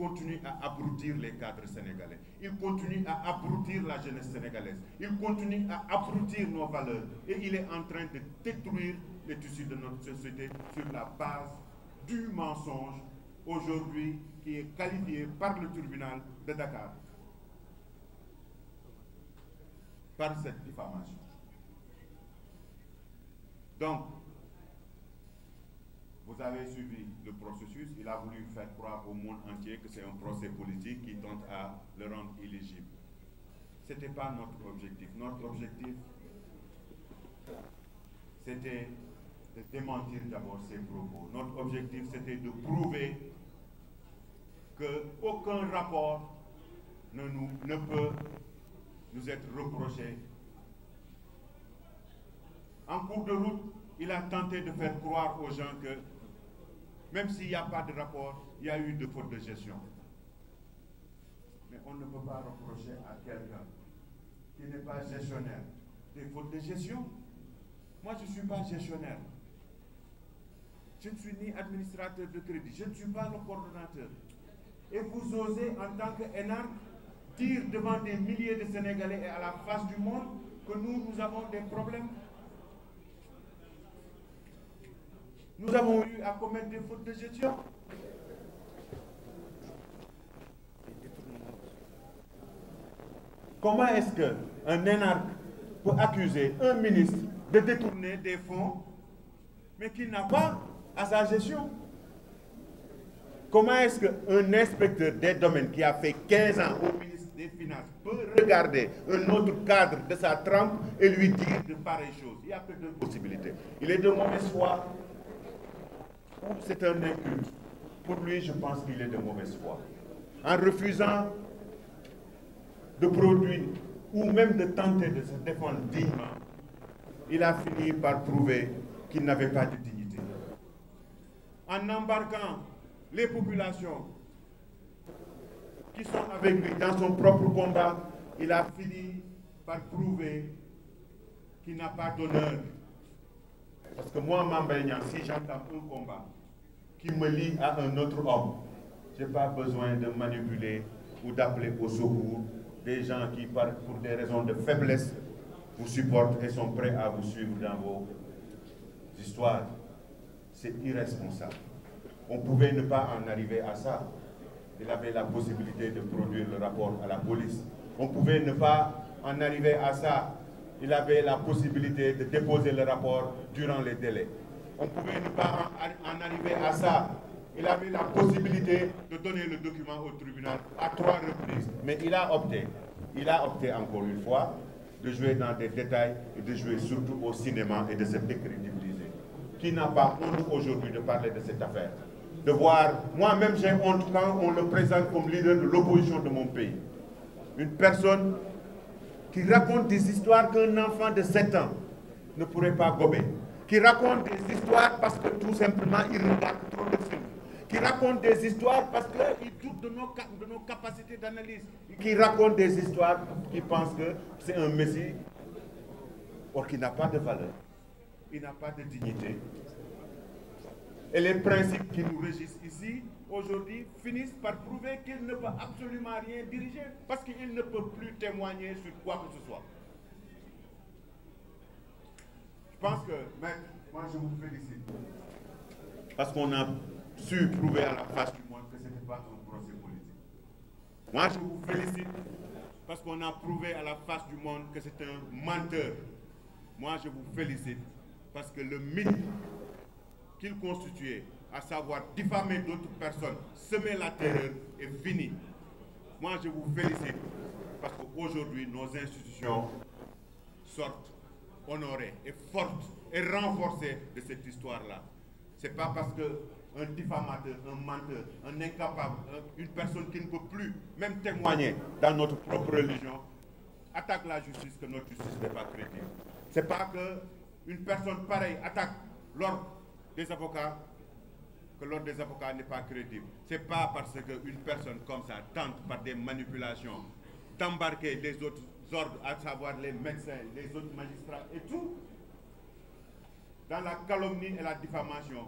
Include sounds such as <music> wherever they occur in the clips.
continue à abrutir les cadres sénégalais. Il continue à abrutir la jeunesse sénégalaise. Il continue à abrutir nos valeurs. Et il est en train de détruire les tissus de notre société sur la base du mensonge aujourd'hui qui est qualifié par le tribunal de Dakar par cette diffamation. Donc, vous avez suivi le processus. Il a voulu faire croire au monde entier que c'est un procès politique qui tente à le rendre éligible. Ce n'était pas notre objectif. Notre objectif, c'était de démentir d'abord ses propos. Notre objectif, c'était de prouver qu'aucun rapport ne, nous, ne peut nous être reproché. En cours de route, il a tenté de faire croire aux gens que même s'il n'y a pas de rapport, il y a eu de fautes de gestion. Mais on ne peut pas reprocher à quelqu'un qui n'est pas gestionnaire des fautes de gestion. Moi, je ne suis pas gestionnaire. Je ne suis ni administrateur de crédit. Je ne suis pas le coordonnateur. Et vous osez, en tant qu'énarque, dire devant des milliers de Sénégalais et à la face du monde que nous, nous avons des problèmes Nous avons eu à commettre des fautes de gestion. Comment est-ce qu'un énarque peut accuser un ministre de détourner des fonds, mais qu'il n'a pas à sa gestion Comment est-ce qu'un inspecteur des domaines qui a fait 15 ans au ministre des Finances peut regarder un autre cadre de sa trempe et lui dire de pareilles choses Il n'y a que deux possibilités. Il est de mauvaise foi c'est un inculte, pour lui, je pense qu'il est de mauvaise foi. En refusant de produire ou même de tenter de se défendre dignement, il a fini par prouver qu'il n'avait pas de dignité. En embarquant les populations qui sont avec lui dans son propre combat, il a fini par prouver qu'il n'a pas d'honneur parce que moi, si j'entends un combat qui me lie à un autre homme, je n'ai pas besoin de manipuler ou d'appeler au secours des gens qui, pour des raisons de faiblesse, vous supportent et sont prêts à vous suivre dans vos histoires. C'est irresponsable. On pouvait ne pas en arriver à ça. Il avait la possibilité de produire le rapport à la police. On pouvait ne pas en arriver à ça il avait la possibilité de déposer le rapport durant les délais. On pouvait pas en arriver à ça. Il avait la possibilité de donner le document au tribunal à trois reprises. Mais il a opté. Il a opté encore une fois de jouer dans des détails et de jouer surtout au cinéma et de se décrédibiliser. Qui n'a pas honte aujourd'hui de parler de cette affaire De voir, moi-même j'ai honte quand on le présente comme leader de l'opposition de mon pays. Une personne qui raconte des histoires qu'un enfant de 7 ans ne pourrait pas gober, qui raconte des histoires parce que tout simplement il regarde trop de films, qui raconte des histoires parce qu'il doute de nos, capacités d'analyse, qui raconte des histoires qui pensent que c'est un messie, or qui n'a pas de valeur, il n'a pas de dignité. Et les principes qui nous régissent ici aujourd'hui, finissent par prouver qu'il ne peut absolument rien diriger parce qu'il ne peut plus témoigner sur quoi que ce soit. Je pense que, mec, moi je vous félicite. Parce qu'on a su prouver à la face du monde que ce n'était pas un procès politique. Moi je vous félicite parce qu'on a prouvé à la face du monde que c'est un menteur. Moi je vous félicite parce que le mythe qu'il constituait à savoir diffamer d'autres personnes, semer la terreur et fini. Moi, je vous félicite parce qu'aujourd'hui, nos institutions sortent honorées et fortes et renforcées de cette histoire-là. Ce n'est pas parce qu'un diffamateur, un menteur, un incapable, une personne qui ne peut plus même témoigner dans notre propre religion attaque la justice que notre justice n'est pas crédible. Ce n'est pas qu'une personne pareille attaque l'ordre des avocats que l'ordre des avocats n'est pas crédible. Ce n'est pas parce qu'une personne comme ça tente par des manipulations d'embarquer les autres ordres, à savoir les médecins, les autres magistrats et tout, dans la calomnie et la diffamation.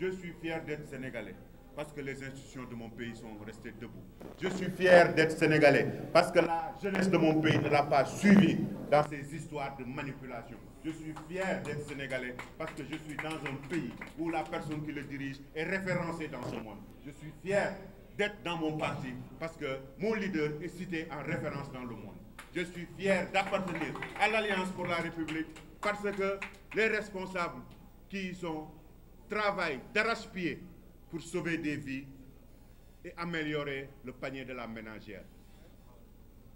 Je suis fier d'être sénégalais parce que les institutions de mon pays sont restées debout. Je suis fier d'être sénégalais parce que la jeunesse de mon pays ne l'a pas suivi dans ces histoires de manipulation. Je suis fier d'être sénégalais parce que je suis dans un pays où la personne qui le dirige est référencée dans ce monde. Je suis fier d'être dans mon parti parce que mon leader est cité en référence dans le monde. Je suis fier d'appartenir à l'Alliance pour la République parce que les responsables qui y sont travaillent d'arrache-pied pour sauver des vies et améliorer le panier de la ménagère.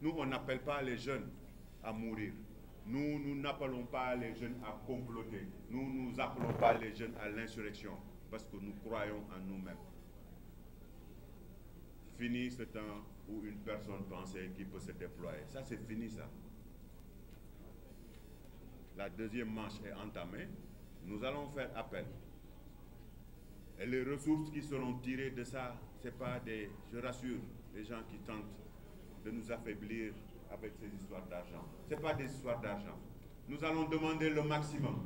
Nous, on n'appelle pas les jeunes à mourir. Nous, nous n'appelons pas les jeunes à comploter. Nous, nous appelons pas les jeunes à l'insurrection parce que nous croyons en nous-mêmes. Fini ce temps où une personne pensait qu'il peut se déployer. Ça, c'est fini, ça. La deuxième manche est entamée. Nous allons faire appel. Et les ressources qui seront tirées de ça, ce n'est pas des, je rassure, les gens qui tentent de nous affaiblir avec ces histoires d'argent. Ce n'est pas des histoires d'argent. Nous allons demander le maximum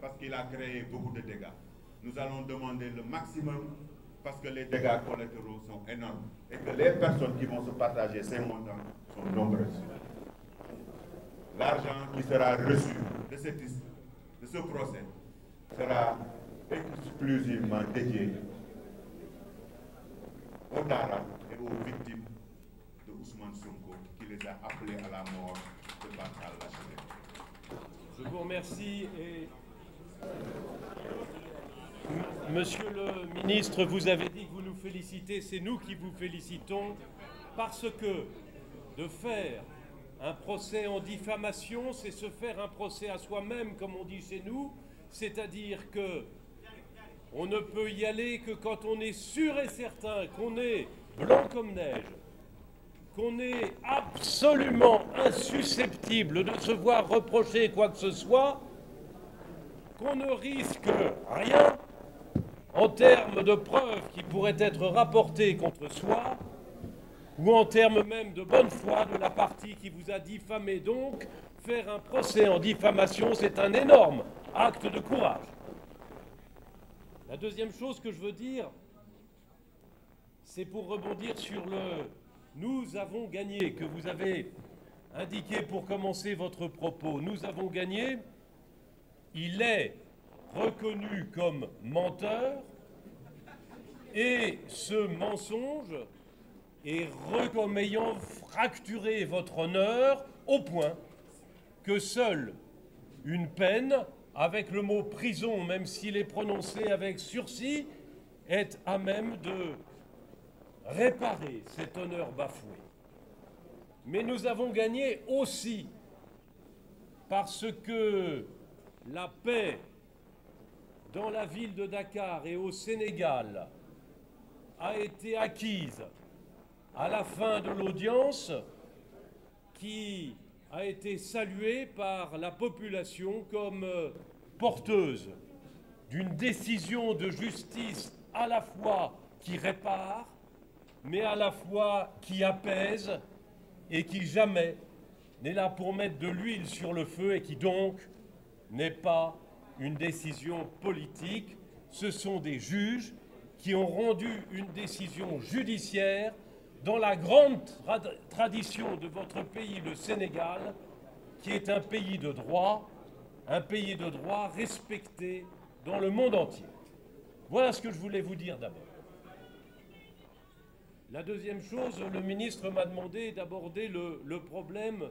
parce qu'il a créé beaucoup de dégâts. Nous allons demander le maximum parce que les dégâts collatéraux sont énormes et que les personnes qui vont se partager ces montants sont nombreuses. L'argent qui sera reçu de, cette, de ce procès sera exclusivement dédié aux Tara et aux victimes appelé à la mort de Je vous remercie et. Monsieur le ministre, vous avez dit que vous nous félicitez, c'est nous qui vous félicitons, parce que de faire un procès en diffamation, c'est se faire un procès à soi-même, comme on dit chez nous, c'est-à-dire que on ne peut y aller que quand on est sûr et certain qu'on est blanc comme neige, qu'on est absolument insusceptible de se voir reprocher quoi que ce soit, qu'on ne risque rien en termes de preuves qui pourraient être rapportées contre soi, ou en termes même de bonne foi de la partie qui vous a diffamé. Donc, faire un procès en diffamation, c'est un énorme acte de courage. La deuxième chose que je veux dire, c'est pour rebondir sur le nous avons gagné, que vous avez indiqué pour commencer votre propos, nous avons gagné, il est reconnu comme menteur et ce mensonge est reconnu comme ayant fracturé votre honneur au point que seule une peine avec le mot prison, même s'il est prononcé avec sursis, est à même de réparer cet honneur bafoué. Mais nous avons gagné aussi parce que la paix dans la ville de Dakar et au Sénégal a été acquise à la fin de l'audience qui a été saluée par la population comme euh, porteuse d'une décision de justice à la fois qui répare mais à la fois qui apaise et qui jamais n'est là pour mettre de l'huile sur le feu et qui donc n'est pas une décision politique. Ce sont des juges qui ont rendu une décision judiciaire dans la grande tradition de votre pays, le Sénégal, qui est un pays de droit, un pays de droit respecté dans le monde entier. Voilà ce que je voulais vous dire d'abord. La deuxième chose, le ministre m'a demandé d'aborder le, problème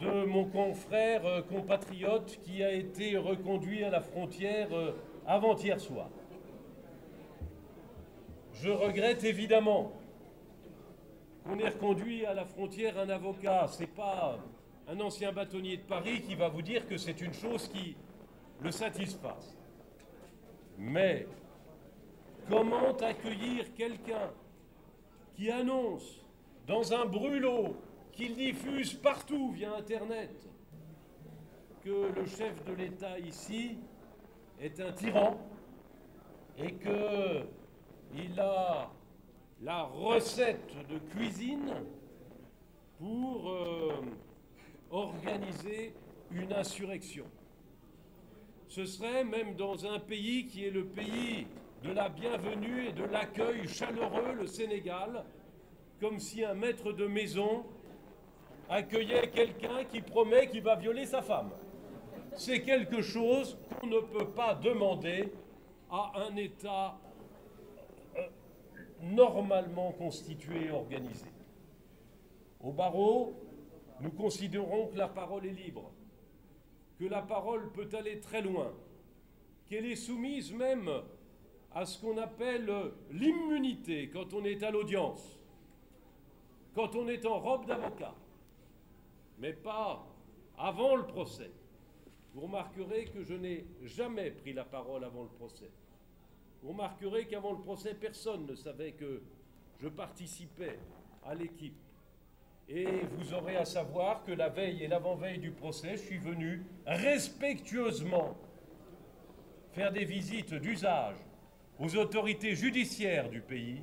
de mon confrère euh, compatriote qui a été reconduit à la frontière euh, avant-hier soir. Je regrette évidemment qu'on ait reconduit à la frontière un avocat. Ce n'est pas un ancien bâtonnier de Paris qui va vous dire que c'est une chose qui le satisfasse. Mais comment accueillir quelqu'un qui annonce dans un brûlot qu'il diffuse partout via Internet que le chef de l'État ici est un tyran et que il a la recette de cuisine pour euh, organiser une insurrection. Ce serait même dans un pays qui est le pays de la bienvenue et de l'accueil chaleureux le Sénégal, comme si un maître de maison accueillait quelqu'un qui promet qu'il va violer sa femme. C'est quelque chose qu'on ne peut pas demander à un État euh, normalement constitué et organisé. Au barreau, nous considérons que la parole est libre, que la parole peut aller très loin, qu'elle est soumise même à ce qu'on appelle euh, l'immunité quand on est à l'audience, quand on est en robe d'avocat, mais pas avant le procès. Vous remarquerez que je n'ai jamais pris la parole avant le procès. Vous remarquerez qu'avant le procès, personne ne savait que je participais à l'équipe. Et vous aurez à savoir que la veille et l'avant-veille du procès, je suis venu respectueusement faire des visites d'usage aux autorités judiciaires du pays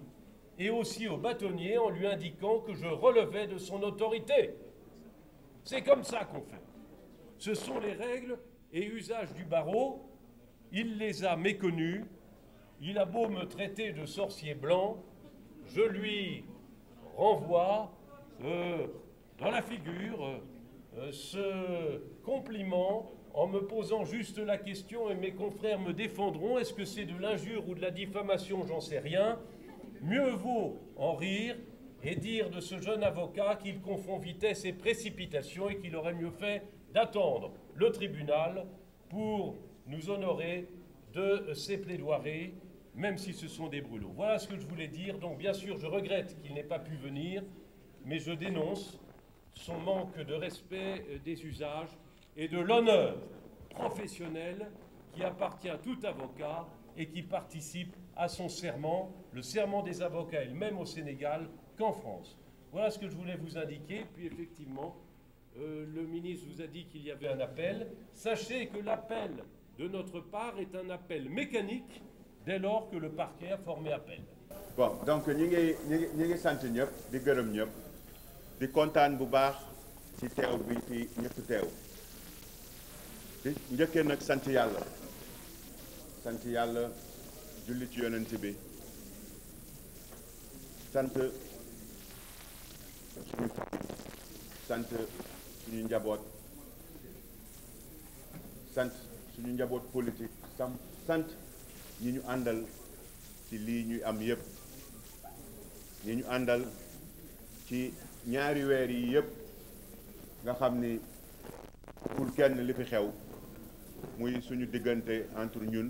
et aussi aux bâtonniers en lui indiquant que je relevais de son autorité. C'est comme ça qu'on fait. Ce sont les règles et usages du barreau. Il les a méconnus. Il a beau me traiter de sorcier blanc, je lui renvoie euh, dans la figure euh, ce compliment en me posant juste la question, et mes confrères me défendront, est-ce que c'est de l'injure ou de la diffamation, j'en sais rien, mieux vaut en rire et dire de ce jeune avocat qu'il confond vitesse et précipitation et qu'il aurait mieux fait d'attendre le tribunal pour nous honorer de ses plaidoiries, même si ce sont des brûlots. Voilà ce que je voulais dire. Donc bien sûr, je regrette qu'il n'ait pas pu venir, mais je dénonce son manque de respect euh, des usages et de l'honneur professionnel qui appartient à tout avocat et qui participe à son serment, le serment des avocats est même au Sénégal qu'en France. Voilà ce que je voulais vous indiquer. Puis effectivement, euh, le ministre vous a dit qu'il y avait un appel. Sachez que l'appel de notre part est un appel mécanique dès lors que le parquet a formé appel. Bon, donc nous sommes di di di njëkkee nag sant yàlla sant yàlla julli ci yonent bi sant suñu sant suñu njaboot sant suñu njaboot politique sam sant ñi ñu àndal ci lii ñuy am yépp ñi ñu àndal ci ñaari weer yi yépp nga xam ni pour kenn li fi xew muy suñu diggante entre ñun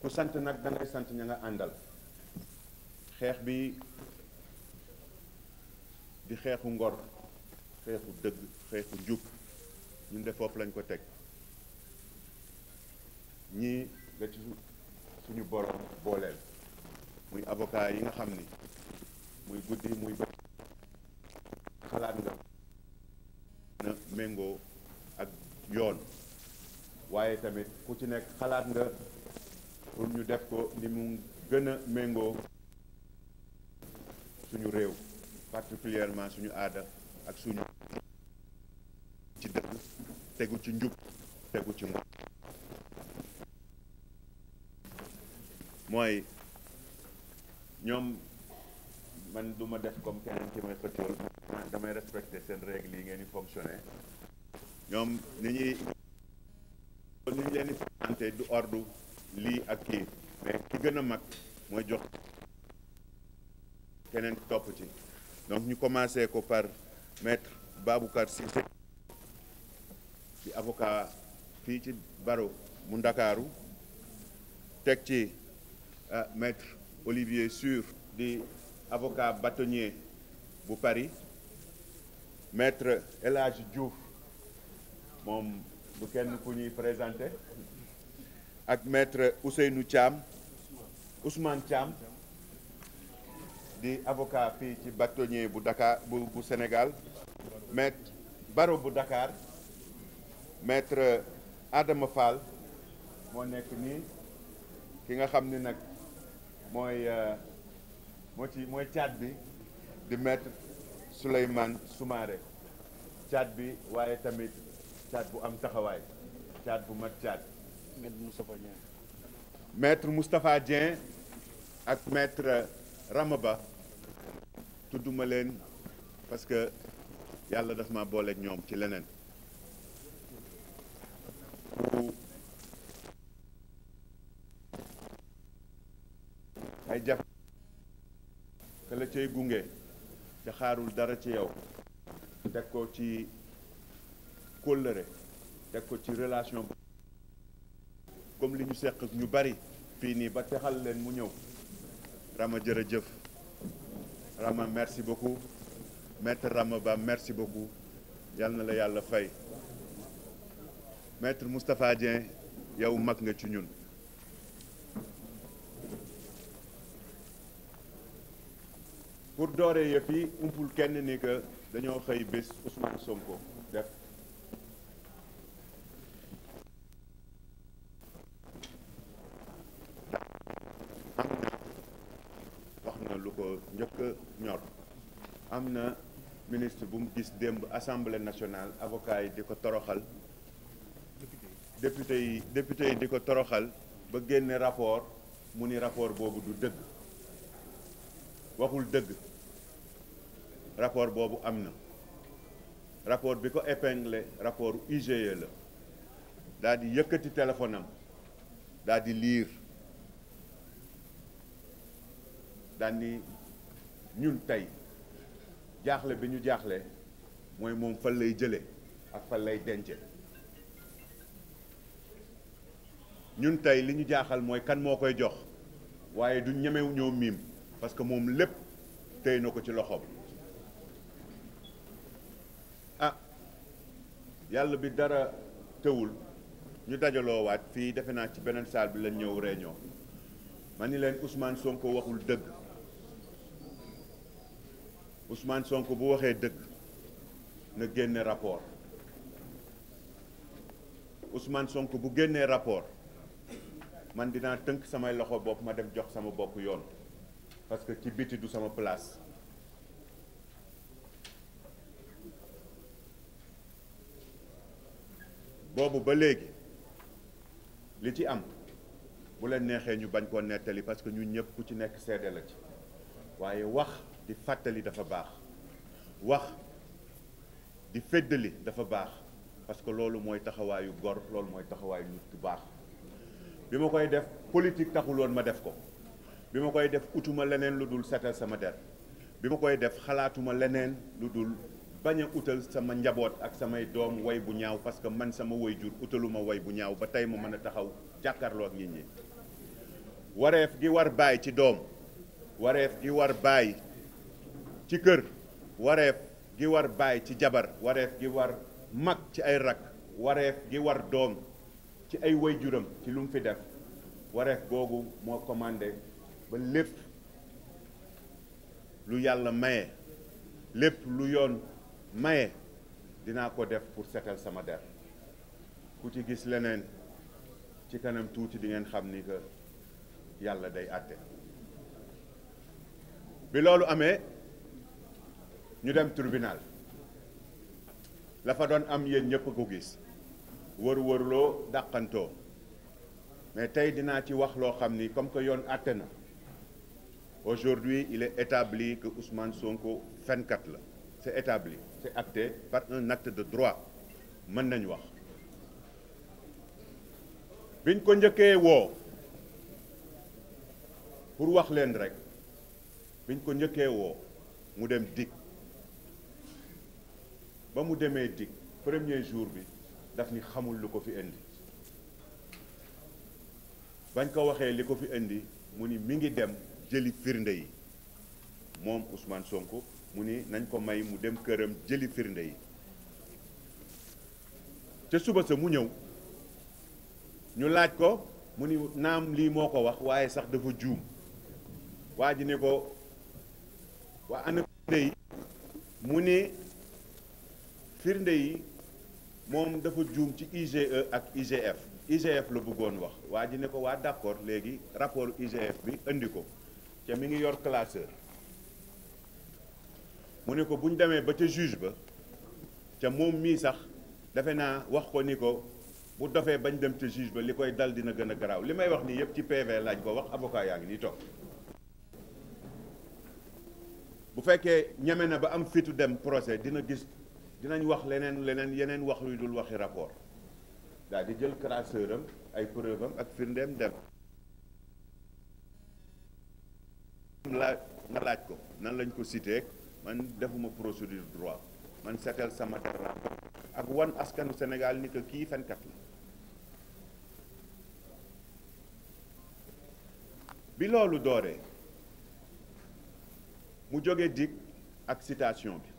ku sant nag da sant ña nga àndal xeex bi di xeexu ngor xeexu dëgg xeexu njub ñun de foofu lañ ko teg ñii nga ci suñu borom booleel muy avocat yi nga xam ni muy guddi muy xalaat nga méngoo ak yoon waaye tamit ku ci nekk xalaat nga pour ñu def ko ni mu gën a méngoo suñu réew particulièrement suñu aada ak suñu ci dëgg tegu ci njub tegu ci moom mooy ñoom man du ma def comme keneen ki may xëccool damay respecté seen règle yi ngeen di fonctionné ñoom ni ñuy ni ñu leen di présenté du ordre lii ak kii mais ki gën a mag mooy jox keneen topp ci donc ñu commencé ko par maître Baboukar Cissé di avocat fii ci barreau mu Ndakaaru teg ci euh, maître Olivier Sur di avocat bâtonnier pour Paris maître Elage Diouf mon bu kenn présenté maître Ousseynou Tcham, Ousmane Tcham, avocat Petit bâtonnier Dakar Sénégal maître Baro Boudakar, Dakar maître Adam Fall mon nekk qui ki nga moo ci mooy caat bi di maître Souleymane Soumaré caat bi waaye tamit caat bu am taxawaay caat bu mat caat. maître Moustapha Dieng. maître Moustapha Dieng ak maître Ramaba tudduma leen parce que yàlla daf ma booleeg ñoom ci leneen. ay jàpp. te la gunge ca xaarul dara ci yow teg ko ci kóllëre teg ko ci relation comme li ñu seq ñu bari fii nii ba texal leen mu ñëw Rama jërëjëf Rama merci beaucoup maître Rama Ba merci beaucoup yal na la yàlla fay maître Moustapha Dieng yow mag nga ci ñun pour dooree yëf yi umpul kenn ni que dañoo xëy bés Ousmane Sonko def am na wax na lu ko njëkk ñor am na ministre bum gis démb assemblée nationale avocat yi di ko toroxal député député yi di ko toroxal ba génne rapport mu ni rapport boobu du dëgg waxul dëgg rapport boobu am na rapport bi ko épinglé rapport IGE la daal yëkkati téléphone am liir daldi ni ñun tey jaaxle bi ñu jaaxle mooy moom fan lay jële ak fan lay dence ñun tey li ñu jaaxal mooy kan moo koy jox waaye du ñemew ñoo miim parce que moom lépp tey na ko ci loxoom ah yàlla bi dara tëwul ñu dajaloo waat fii defe naa ci beneen salle bi lañ ñëw réunion ma ni leen Ousmane Sonko waxul dëgg Ousmane sonk bu waxee dëgg na génne rapport Ousmane sonk bu génnee rapport man dinaa tënk samay loxo bopp ma dem jox sama bopp yoon parce que ci biti du sama palaas boobu ba léegi li ci am bu leen neexee ñu bañ koo nettali parce que ñun ñëpp ku ci nekk seede la ci waaye wax di fàttali dafa baax wax di féddali dafa baax parce que loolu mooy taxawaayu gor loolu mooy taxawaayu nit ku baax bi ma koy def politique taxuloon ma def ko bi ma koy def utuma leneen lu dul setal sama der bi ma koy def xalaatuma leneen lu dul bañ a utal sama njaboot ak samay doom woy bu ñaaw parce que man sama woy jur utaluma woy bu ñaaw ba tey ma mën a taxaw jàkkarloo ak nit ñi wareef gi war bàyyi ci doom wareef gi war bàyyi ci kër wareef gi war bàyyi ci jabar wareef gi war mag ci ay rak wareef gi war doom ci ay way juram ci lu mu fi def wareef googu moo commandé ba lépp lu yàlla maye lépp lu yoon maye dinaa ko def pour setal sama der ku ci gis leneen ci kanam tuuti di ngeen xam ni que yàlla day àtte bi loolu amee ñu dem tribunal la fa doon am yéen ñëpp ko gis wër wërloo dàqantoo mais tey dinaa ci wax loo xam ni comme que yoon àtte na Aujourd'hui, il est établi que Ousmane Sonko fait 4. c'est établi c'est acté par un acte de droit wax biñ ko pour wax leen rek biñ ko que woo mu dit. ba mu premier jour nous avons ni le lu ko fi indi bañ ko dit que fi dem jëli firnde yi moom Ousmane Sonko mu ni nañ ko may mu dem këram jëli firnde yi te suba sa mu ñëw ñu laaj ko mu ni naam lii moo ko wax waaye sax dafa juum waa ji ne ko waa ana firnde yi mu ni firnde yi moom dafa juum ci IGE ak IGF IGF la bëggoon wax waa ji ne ko waa d'accord léegi rapport IGF bi indi ko te mi ngi yor classeur mu ne ko buñ ñu demee ba ca juge ba te moom mii sax dafe naa wax ko ni ko bu dofee bañ dem ca juge ba li koy dal dina gën a garaaw li may wax ni yëpp ci PV laaj ko wax avocat yaa ngi nii toog bu fekkee ñeme na ba am fitu dem procès dina gis dinañ wax leneen leneen yeneen wax luy dul waxi rapport daal di jël classeur am ay preuve am ak firndeem dem laaj nga laaj ko nan lañ ko cité man defuma procédure man seetal sama terrain wan askanu Sénégal ni kii fenkat bi loolu dooree mu jóge dikk ak citation bi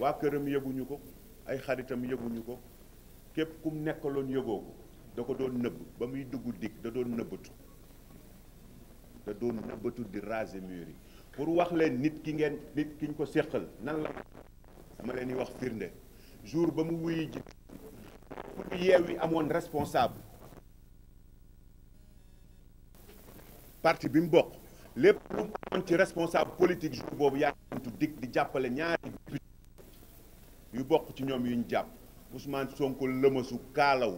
waa këram yëguñu ko ay xaritam yëguñu ko képp kum nekkaloon yëgoo ko da ko doon nëbb ba muy dugg dikk da doon nëbbatu te doon nëbbatu di raser murs yi pour wax leen nit ki ngeen nit ki ko séqal nan la dama leen di wax firnde jour ba mu wuyu ji pour yeew yi amoon responsable parti bi mu bokk lépp lu mu ci responsable politique jour boobu yaaantu dig di jàppale ñaari député yu bokk ci ñoom yu ñu jàpp Ousmane Sonko lëmasu kaalaw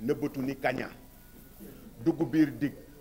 nëbbatu ni kaña dugg biir dig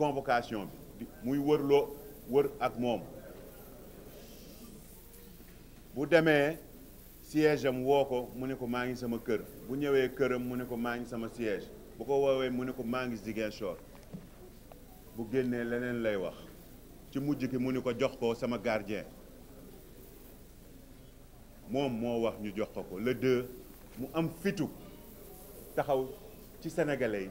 convocation bi muy wërloo wër ak mom bu démé siège am woo ko mu ko maa sama kër bu ñëwé kërëm muné ko maa sama siège bu ko woowee muné ko maa ngi Ziguinchor bu génné leneen lay wax ci mujj gi muné ko jox ko sama gardien mom mo wax ñu jox ko le deux mu am fitu taxaw ci sénégalais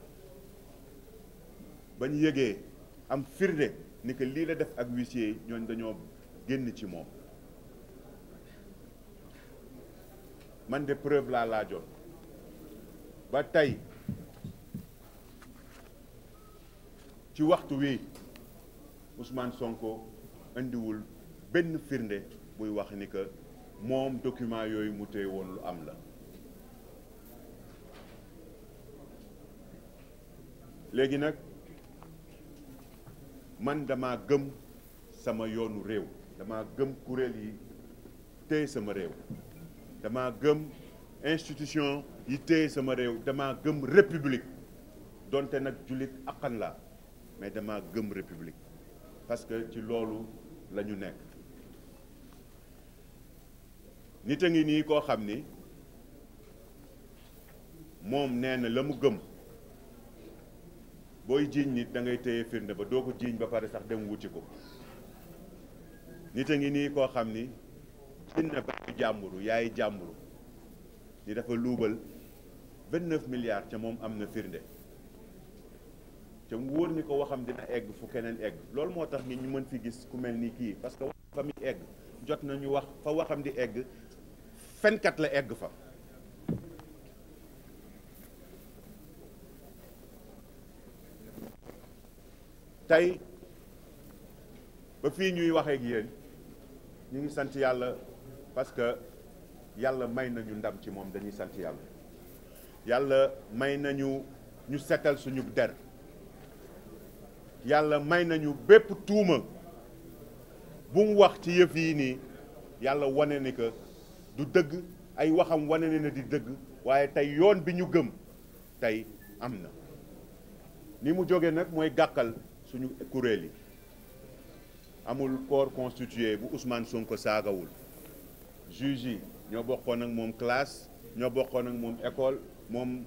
ba yëgee am firnde ni que lii la def ak huissier ñooñ dañoo génn ci moom man de preuve laa laajoon ba tey ci waxtu wi Ousmane Sonko indiwul benn firnde buy wax ni que moom document yooyu mu téye woon lu am la léegi nag man dama gëm sama yoonu réew dama gëm kuréel yi téye sama réew dama gëm institution yi téye sama réew dama gëm république donte nag mais dama gëm république parce que ci loolu la ñu nekk ni booy jiiñ nit dangay ngay firnde ba doo ko jiiñ ba pare sax dem wuti ko nit a ngi nii koo xam ni jiiñ na ba jàmburu yaay jàmburu ni dafa luubal vingt-neuf milliards ca moom am na firnde te wóor ni ko waxam dina egg fu keneen egg loolu moo tax nit ñu mën fi gis ku mel ni kii parce que wax fa muy egg jot nañu wax fa waxam di egg fenkat la egg fa tey ba fii ñuy waxee ak yéen ñu ngi sant yàlla parce que yàlla may nañu ndam ci moom dañuy sant yàlla yàlla may nañu ñu setal suñu der yàlla may nañu bépp tuuma bu wax ci yëf yi nii yàlla wane ni que du dëgg ay waxam wane ne na di dëgg waaye tey yoon bi ñu gëm tey am na ni mu jóge nag mooy gàkkal suñu kuréel amul corps constitué bu Ousmane Sonko sagawul juge ño bokkon bokkoon ak moom classe ño bokkon ak mom école mom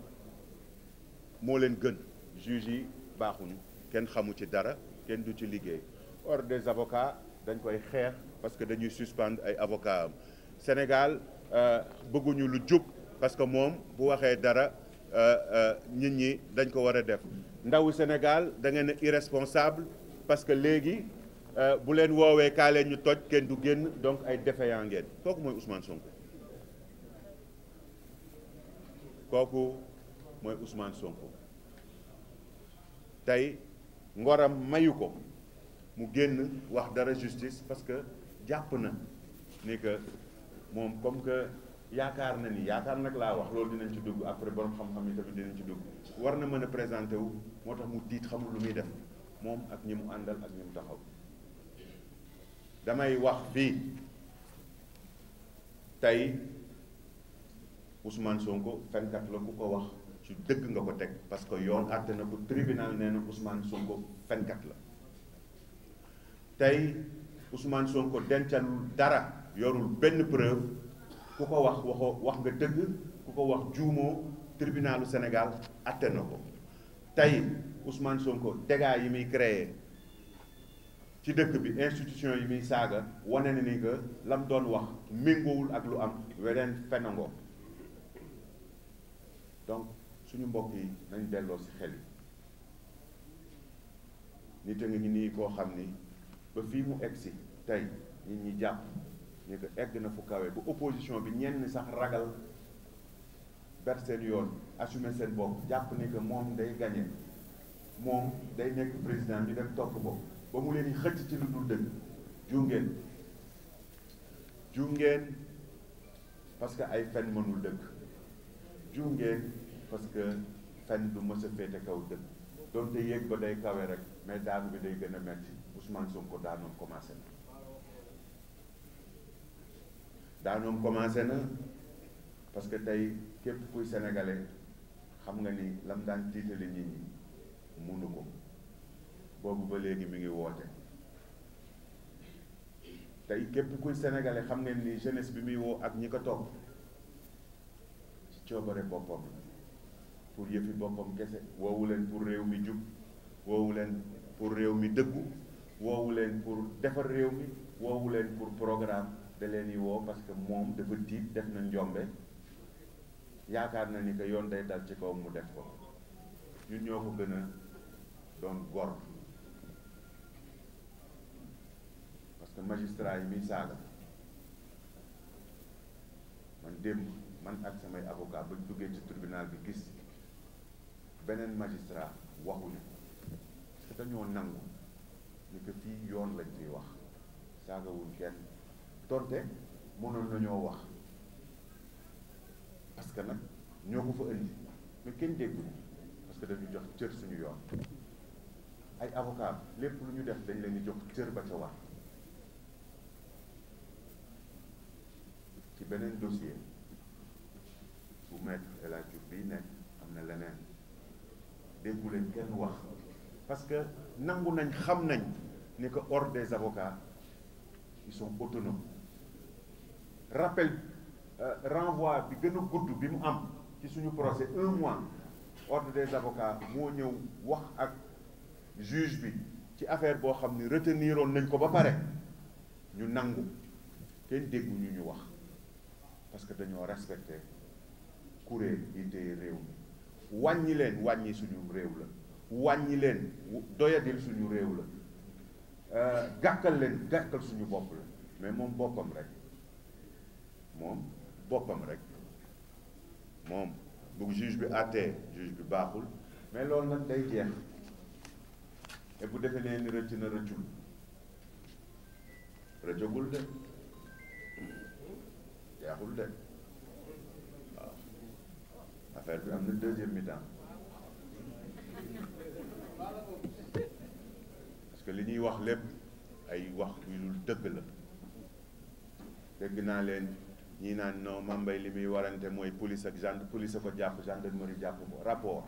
mo len gën juge yi baaxuñu kenn xamu ci dara kenn du ci liggéey ordre des avocats dañ koy xeex parce que dañuy suspendre ay avocats Sénégal euh bëgguñu lu jub parce que mom bu waxé dara euh euh nit ñi dañ ko wara def ndawu Sénégal da ne a irresponsable parce que léegi euh, bu leen woowee kaa ñu toj kenn du génn donc ay défaillant ngeen kooku mooy Ousmane Sonko kooku mooy Ousmane Sonko tey ngoram mayu ko mu génn wax dara justice parce que jàpp na ni que moom comme que yaakaar na ni yaakaar nag laa wax loolu dinañ ci dugg après borom xam-xam yi tamit dinañ ci dugg war na mën a présenter wu. moo tax mu tiit xamul lu muy def moom ak ñi mu àndal ak ñi mu taxaw damay wax fii tey Ousmane Sonko fenkat la ku ko wax ci dëgg nga ko teg parce que yoon àtte na ko tribunal nee na Ousmane Sonko fenkat la tey Ousmane Sonko dencalul dara yorul benn preuve ku ko wax waxoo wax nga dëgg ku ko wax juumoo tribunalu Sénégal àtte na ko tey Ousmane Sonko dégâts yi muy créer ci dëkk bi institution yi muy saaga wane na ni que lam doon wax méngoowul ak lu am weneen fenango donc suñu mbokk yi nañ delloo si xel yi nit a ngi nii koo xam ni ba fii mu egg si tey nit ñi jàpp ni egg na fu kawe bu opposition bi ñenn sax ragal per seen yoon assumer seen bopp jàpp ni que moom day gagné moom day nekk président ñu dem topp ko ba mu leen di xëcc ci lu dul dëgg jungeen jungeen parce que ay fen mënul dëgg jungeen parce que fen du mës a féete kaw dëgg doonte yéeg ba day kawe rek mais daanu bi day gën a metti Ousmane Sonko daanoom commencé na daanoom commencé na parce que tey képp kuy sénégalais xam nga ni lam daan tiitale nit ñi munu ko boobu ba léegi mi ngi woote tey képp kuy sénégalais xam ngeen ni jeunesse bi muy woo ak ñi ko topp ci coobare boppam pour yëfi boppam kese woowu leen pour réew mi jub woowu leen pour réew mi dëggu woowu leen pour defar réew mi woowu leen pour programme da leen yi woo parce que moom dafa tiit def na njombe yaakaar na ni que yoon day dal ci kaw mu def ko ñun ñoo ko gën a doon gor parce que magistrat yi muy saaga man démb man ak samay avocat ba duggee ci tribunal bi gis beneen magistrat waxuñu parce que dañoo nangu ni que fii yoon lañ ciy wax saagawul kenn tonte mënul nañoo wax parce que nous, ñoo ko mais kenn parce que dañu jox cër suñu yoon ay avocat lépp lu Les def dañ leen di jox cër ba ca war ci beneen dossier bu maître ela Hadj am na parce que nangu nañ xam nañ que ordre des avocats ils sont autonomes rappel euh, renvoi bi gëna bi mu am ci suñu procès un mois ordre des avocats moo ñëw wax ak juge bi ci affaire boo xam ni nañ ko ba pare ñu nangu kenn ñu wax parce que dañoo respecté kuréel leen suñu la leen suñu euh, la mais boppam rek mom bu juge bi àttee juge bi baaxul mais lool nak day jeex et bu defee nee ni rëcc na rëccul rëccagul de jeexul de affaire bi am na deuxième mi-temps parce que li ñuy wax lépp ay wax yu dul dëgg la dégg naa leen ñii naan non mambay li muy warante mooy police ak gendarme police ko jàpp gendarmerie jàpp ko rapport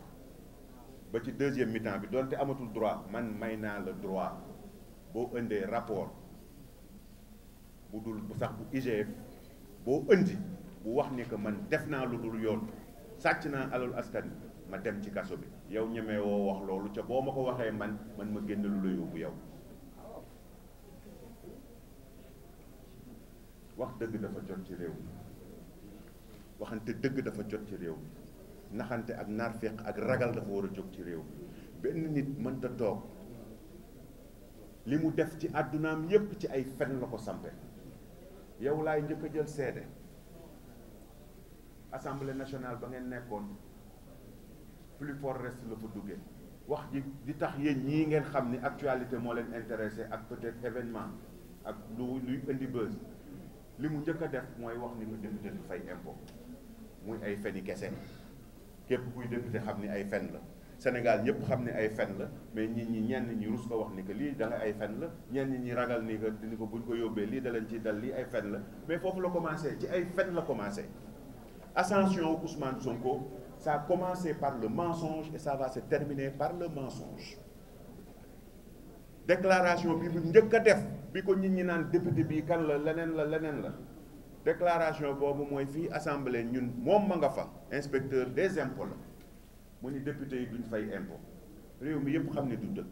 ba ci deuxième mi-temps bi donte amatul droit man may naa la droit boo indee rapport bu dul bu sax bu IGF boo indi bu wax ni que man def naa lu dul yoon sàcc naa alal askan ma dem ci kaso bi yow ñemee woo wax loolu ca boo ma ko waxee man man ma génn lu la yóbbu yow wax dëgg dafa jot ci réew mi waxante dëgg dafa jot ci réew mi naxante ak naafeq ak ragal dafa war a jóg ci réew mi benn nit mënta toog li mu def ci àddunaam yépp ci ay fen la ko sampe yow laay njëkk jël seede assemblée nationale ba ngeen nekkoon plus fort reste la fa duggee wax ji di tax yéen ñii ngeen xam ni actualité moo leen intéressé ak peut événement ak lu luy indi buzz li mu a def wax ni député fay muy ay képp kuy ay la Sénégal ñëpp xam ay mais ñi ñenn ñi rus ko wax ni que lii da ay fen la ñenn ñi ragal ni que ni ko buñ ko da dal ay la mais la commencé ci ay la commencé Ousmane Sonko ça a commencé par le mensonge et ça va se terminer par le mensonge déclaration bi bu njëkk a def bi ko nit ñi naan député bii kan la leneen la leneen la déclaration boobu mooy fii assemblée ñun moom ma nga fa inspecteur des impôts la mu ni député yi duñ fay impôt réew mi yëpp xam ne du dëkk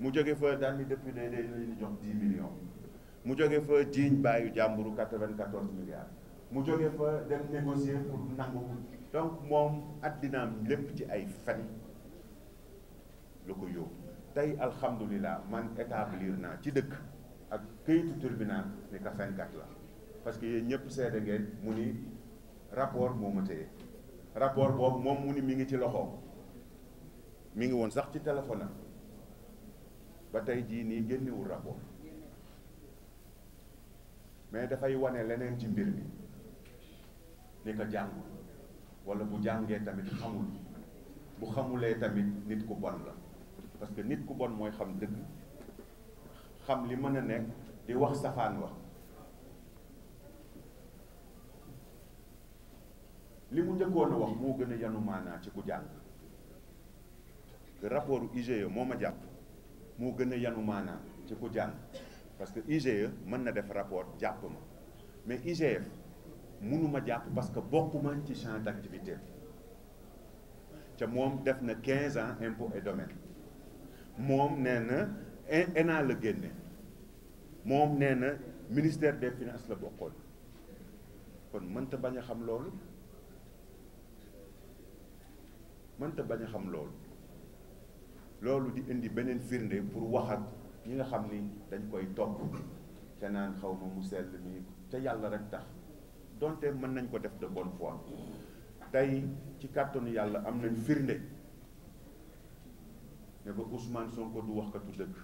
mu jóge fa daal ni député day leen jox 10 millions mu jóge fa jiiñ bàyyu jàmburu 94 milliards mu joge fa dem négocier pour nangu donc moom addinaam lépp ci ay fen lu ko yóbbu Tay alhamdulillah, man établir naa ci dëkk ak këyitu tribunal ni ka fenkat la parce que yéen ñëpp seede ngeen mu ni rapport moo ma téye rapport boobu moom mu ni mi ngi ci loxoom mi ngi woon sax ci téléphone am ba tey jii nii génnewul rapport mais dafay wane leneen ci mbir mi ni ka jàngul wala bu jàngee tamit xamul bu xamulee tamit nit ku bon la parce que nit ku bon mooy xam dëgg xam li mën a nekk di wax safaan wax li mu njëkkoon wax moo gën a yanu maanaa ci ku jàng rapport IGE moo ma jàpp moo gën a yanu maanaa ci ku jàng parce que IGE mën na def rapport jàpp ma mais IGF mënuma jàpp parce que bokkuma ci champ d'activité te moom def na 15 ans impôt et domaine moom nee na ENA la génne moom nee na ministère des finances la bokkoon kon mënta bañ a xam loolu mënta bañ a xam loolu loolu di indi beneen firnde pour waxat ñi nga xam ni dañ koy topp te naan xaw ma mu sell mi te yàlla rek tax donte mën nañ ko def de bonne foi tey ci kàttanu yàlla am nañ firnde ne ba Ousmane Sonko du waxkatu dëgg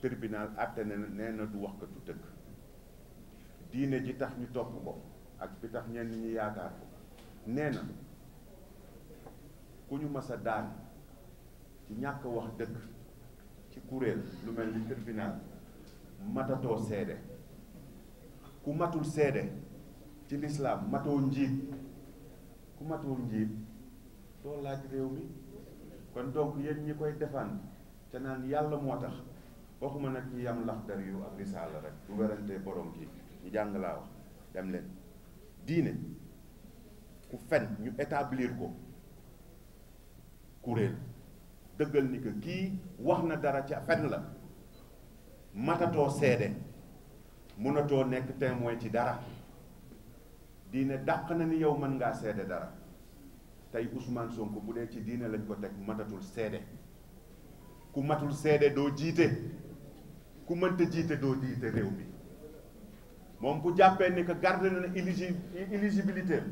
tribunal àtte na nee na du waxkatu dëgg diine ji tax ñu topp ko ak bi tax ñenn ñi yaakaar ko nee na ku ñu mas a daan ci ñàkk wax dëgg ci kuréel lu mel ni tribunal matatoo seede ku matul seede ci lislaam matoo njiit ku matul njiit doo laaj réew mi kon donc yéen ñi koy défendre te naan yàlla moo tax waxuma nag ñu yam laxdar yu ak risaala rek bu werantee borom kii ñu jàng laa wax dem leen diine ku fen ñu établir ko kuréel dëggal ni que kii wax na dara ca fen la matatoo seede mënatoo nekk témoin ci dara diine dàq na ni yow mën ngaa seede dara tey Ousmane Sonko bu dee ci diine lañ ko teg matatul seede ku matul seede doo jiite ku mënta jiite doo jiite réew mi moom bu jàppee ni que garde na éligi éligibilité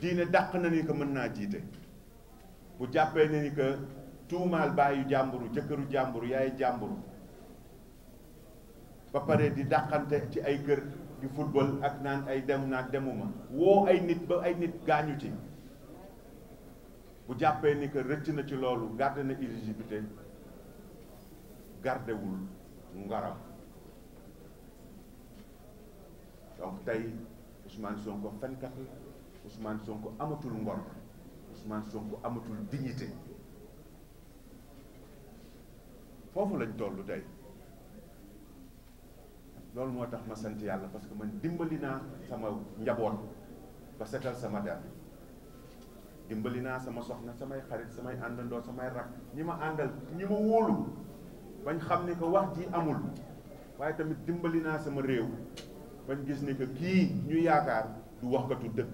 diine dàq na ni que mën naa jiite bu jàppee na ni que tuumaal baayu jàmburu jëkkëru jàmburu yaay jàmburu ba di dàqante ci ay gër di football ak naan ay dem naag demuma woo ay nit ba ay nit gaañu ci bu jàppee ni que rëcc na ci loolu garde na éligibilité gardewul ngaram donc tey Ousmane Sonko fenkat la Ousmane Sonko amatul ngor Ousmane Sonko amatul dignité foofu lañ tollu tey loolu moo tax ma sant yàlla parce que man dimbali naa sama njaboot ba setal sama der dimbali naa sama soxna samay xarit samay àndandoo samay rak ñi ma àndal ñi ma wóolu bañ xam ne que wax ji amul waaye tamit dimbali naa sama réew bañ gis ne que kii ñu yaakaar du waxkatu dëkk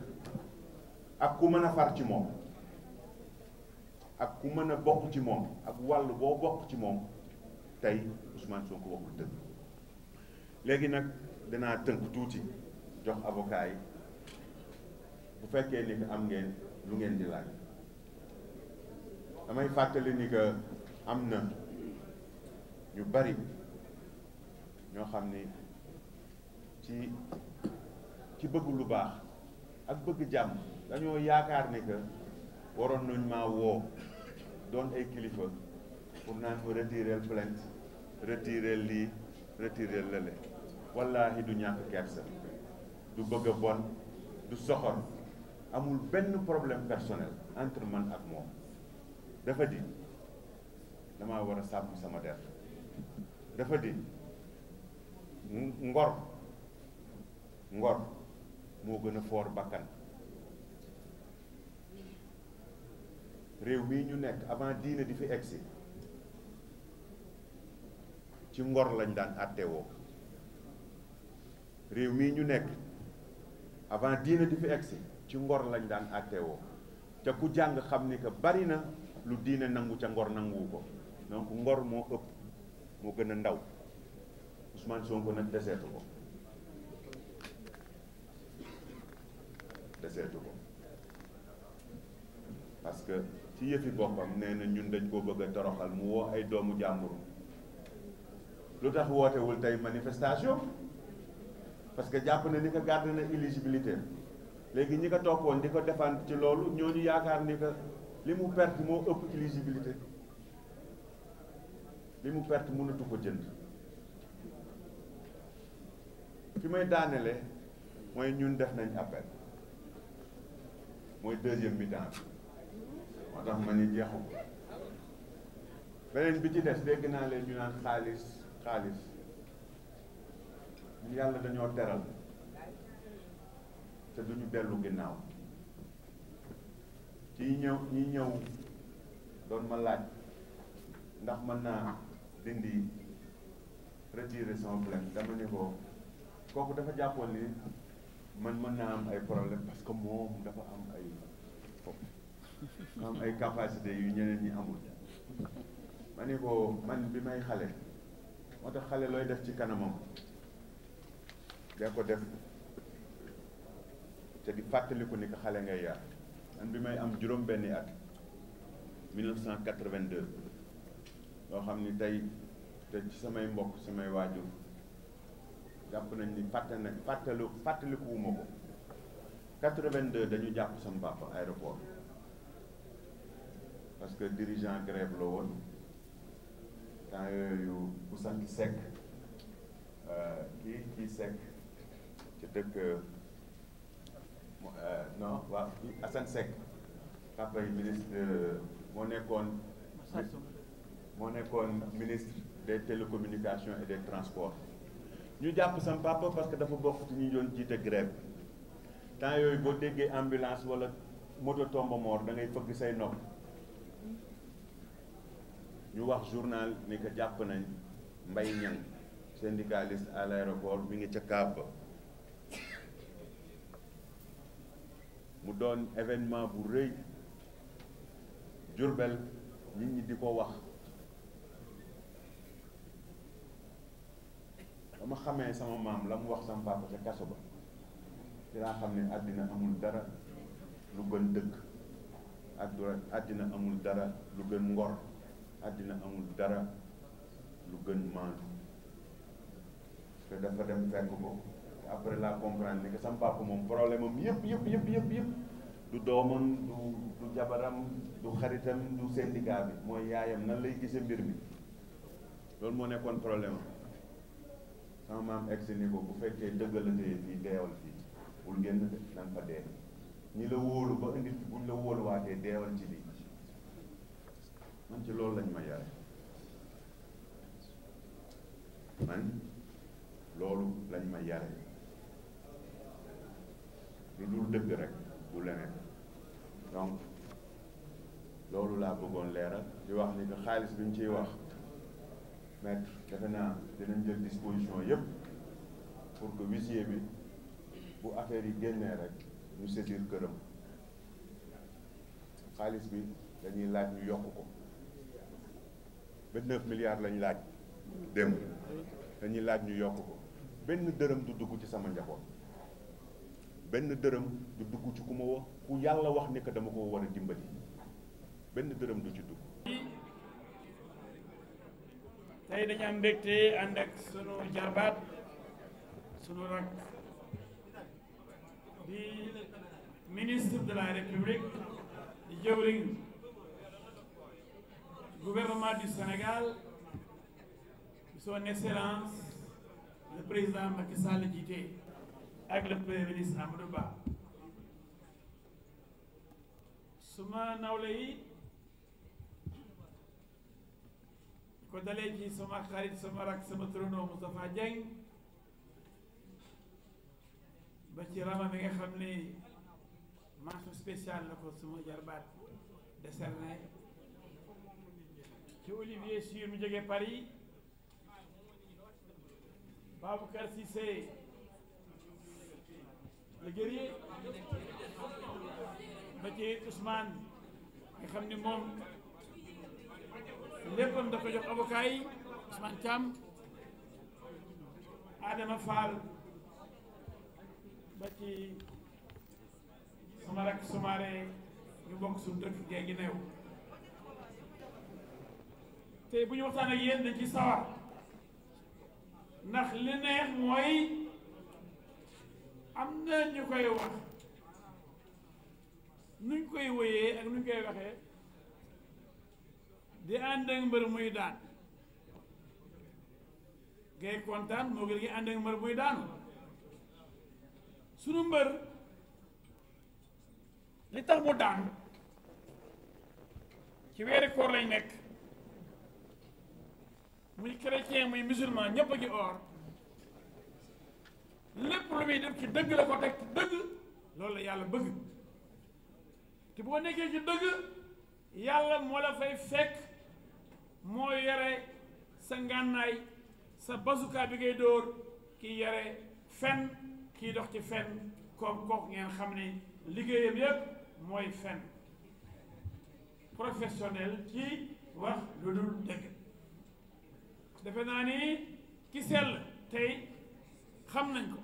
ak ku mën a far ci moom ak ku mën a bokk ci moom ak wàll boo bokk ci moom tey Ousmane Sonko waxul dëgg léegi nag danaa tënk tuuti jox avocat bu fekkee ni que am ngeen lu ngeen di laaj damay fàttali ni que am na ñu bari ñoo xam ni ci ci bëgg lu baax ak bëgg jàmm dañoo yaakaar ni que waroon nañ maa woo doon ay kilifa pour naan mu retirer plainte retirer lii retirer lële wallaahi du ñàkk kersa du bëgg a bon du soxor amul benn problème personnel entre man ak moom dafa di damaa war a sàmm sama der dafa di ngor ngor moo gën a foor bakkan réew mii ñu nekk avant diine di fi egsi ci ngor lañ daan àttewoo réew mii ñu nekk avant diine di fi egsi ci ngor lañ daan àtteewoo te ku jàng xam ni que bari na lu diine nangu ca ngor nanguwu ko donc ngor moo ëpp moo gën a ndaw Ousmane Sonko nag deseetu ko deseetu ko parce que ci yëfi boppam nee na ñun dañ koo bëgg a toroxal mu woo ay doomu jàmbur lu tax wootewul tey manifestation parce que jàpp na ni ko gàdd na éligibilité léegi ñi ko toppoon di ko défendre ci loolu ñooñu yaakaar ni que li mu perte moo ëpp éligibilité li mu perte mënatu ko jënd fi may daanele mooy ñun def nañ appel mooy deuxième mi moo tax ma ni jeexu beneen bi ci des dégg naa leen ñu naan xaalis xaalis yàlla dañoo teral te duñu dellu ginnaaw ci ñëw ñi ñëw doon ma laaj ndax mën naa dindi retirer sama plainte dama ne ko kooku dafa jàppoon ni man mën naa am ay problème parce que moom dafa am ay am ay capacité yu ñeneen ñi amul ma ne ko man bi may xale moo tax xale looy def ci kanamam da ko def te di fàttaliku ni ko xale ngay yar man bi may am juróom benni at 1982 loo xam ni tey te ci samay mbokk samay waajur jàpp nañ ni fàtte na fàttalu fàttalikuwuma ko 82 dañu jàpp sama papa aéroport parce que dirigeant grève la woon temps yooyu Ousseynou Seck euh, kii kii Seck ci dëkk euh, non à Assane Seck ministre ministre des télécommunications et des transports ñu jàpp un papa parce que dafa bokk ci ñu doon grève temps a boo ambulance wala moto tombe mort da ngay fëgg say ñu wax journal ni que jàpp nañ mbay syndicaliste à l'aéroport mi mu doon événement bu rëy Jurbel nit ñi di ko wax dama xamee sama maam la mu wax sama papa ca kaso ba dinaa xam ne amul dara lu gën dëkk àdduna amul dara lu gën ngor àddina amul dara lu gën maandu te dafa dem fekk ko te après la comprendre ne moom sama moom problème am yëpp yëpp yëpp yëpp yëpp du doomam du du jabaram du xaritam du syndicat bi mooy yaayam nan lay gise mbir mi loolu moo nekkoon problème am sama maam egg ni ko bu fekkee dëggalatee fii deewal fii bul génn de nan fa dee ñi la wóolu ba indi buñ la wóoluwaatee deewal ci lii man ci loolu lañ ma man loolu lañ ma lu dul dëgg rek bu leneen donc loolu laa bëggoon leeral di wax ni que xaalis bi ñu ciy wax maître defe naa dinañ jël disposition yëpp pour que huissier bi bu affaire yi génnee rek ñu saisir këram xaalis bi dañuy laaj ñu yokk ko vingt neuf milliards lañ laaj dem dañuy laaj ñu yokk ko benn dërëm du dugg ci sama njaboot. benn dërëm du dugg ci ku ma wax ku yàlla wax ne que dama ko war a dimbali benn dërëm du ci dugg. tey dañu am mbégte ànd ak sunu jarbaat sunu rak di ministre de la république di jëwriñ gouvernement du Sénégal son excellence le président Macky Sall jiite. ak le premier ministre Amadou Ba suma nawle yi ko dalee ci sama xarit sama rak sama turandoo Moustapha Dieng ba ci rama nga xam ne mention spéciale la ko suma jarbaat décerné ci Olivier Sur mu jógee Paris Babacar Cissé لجري بتي عثمان nga xam ni moom léppam da ko jox avocat yi Ousmane Thiam Adama Fall ba ci sama rak sumaare ñu bokk suñu dëkk gee gi néew te bu ñu waxtaan ak yéen dañ ci sawar ndax li neex mooy am na ñu koy wax nuñ koy woyee ak nuñ koy waxee di ànd ak mbër muy daan ngay kontaan moo gën ngay ànd ak mbër muy daanu sunu mbër li tax mu daan ci weeri koor lañ nekk muy chrétien muy musulman ñëpp a ngi or lépp lu muy dem ci dëgg la ko teg ci dëgg loolu la yàlla bëgg te boo nekkee ci dëgg yàlla moo la fay fekk moo yore sa ngànnaay sa basukaa bi ngay dóor kii yore fen kii dox ci fen comme kooku ngeen xam ne liggéeyam yépp mooy fen professionnel ci wax lu dul dëgg defe naa ni ki sell tey xam nañ ko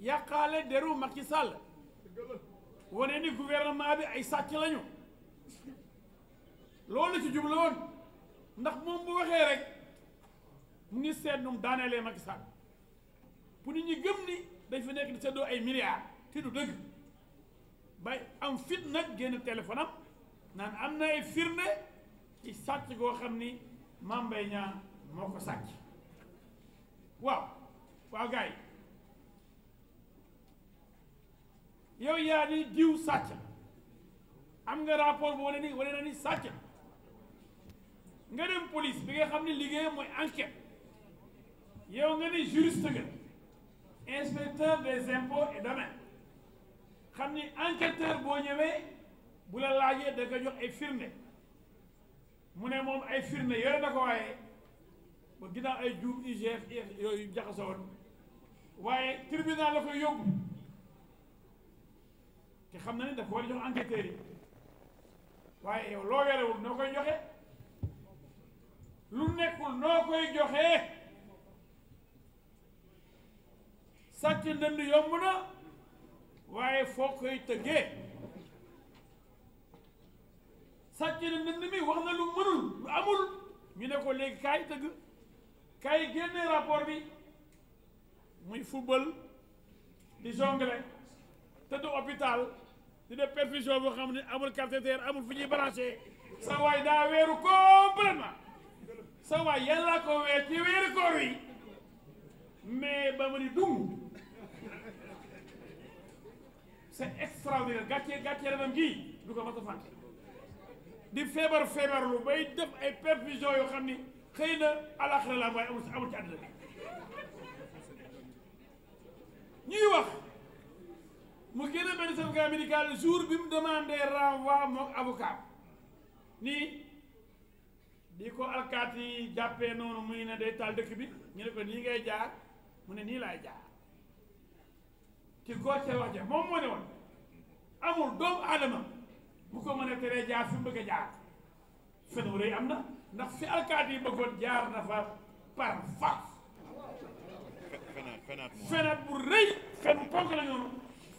yàqaale deru Macky Sall wane ni gouvernement bi ay sàcc lañu loolu ci jublu woon ndax moom bu waxee rek mu ngi seet nu mu daaneelee Macky Sall pour nu ñi gëm ni dañ fi nekk di seddoo ay milliards te du dëgg bay am fit nag génn téléphone am naan am na ay firnde ci sàcc goo xam ni Mame Mbaye moo ko sàcc waaw waaw gars yi yow yaa ni diw sàcc am nga rapport bu wane ni wane na ni sàcc nga dem police bi nga xam ne liggéeyam mooy enquête yow nga ni juriste nga inspecteur des impôts et domaines xam ni enquêteur boo ñemee bu la laajee da nga jox ay firnde mu ne moom ay firnde yore na ko waaye ba ginnaaw ay juum IGF yooyu jaxasoo woon waaye tribunal la koy yóbbu te xam na ne daf ko war a jox waaye yow loo yorewul noo koy joxe lu nekkul noo koy joxe sàcc ndënd yomb na waaye foo koy tëggee sàcc ndënd mi wax na lu mënul lu amul ñu ne ko léegi kaay tëgg kaay génne rapport bi muy football di jongle tëdd hôpital di def perfusion boo xam ne amul cathéter amul fu ñuy branché sa waay daa weeru complètement sa waay yàlla ko weer ci weeru koor wi mais ba ma ni dung c'est extraordinaire gàcce gàcce ramam gii du ko mata fànte di feebar feebarlu bay def ay perfusion yoo xam ni xëy na alaxira la waaye amul amul ci àddina bi ñuy wax mu génne benn certificat médical jour bi mu demandé renvoi mook avocat nii di ko alkaat yi jàppee noonu muy ne day taal dëkk bi ñu ne ko nii ngay jaar mu ne nii laay jaar ci góor ca wax ja moom moo ne woon amul doomu aadama bu ko mën a teree jaar fi mu bëgg a jaar fen wu rëy am na ndax fi alkaat bëggoon jaar na fa par force fenat bu rëy fen ponk la ñoonu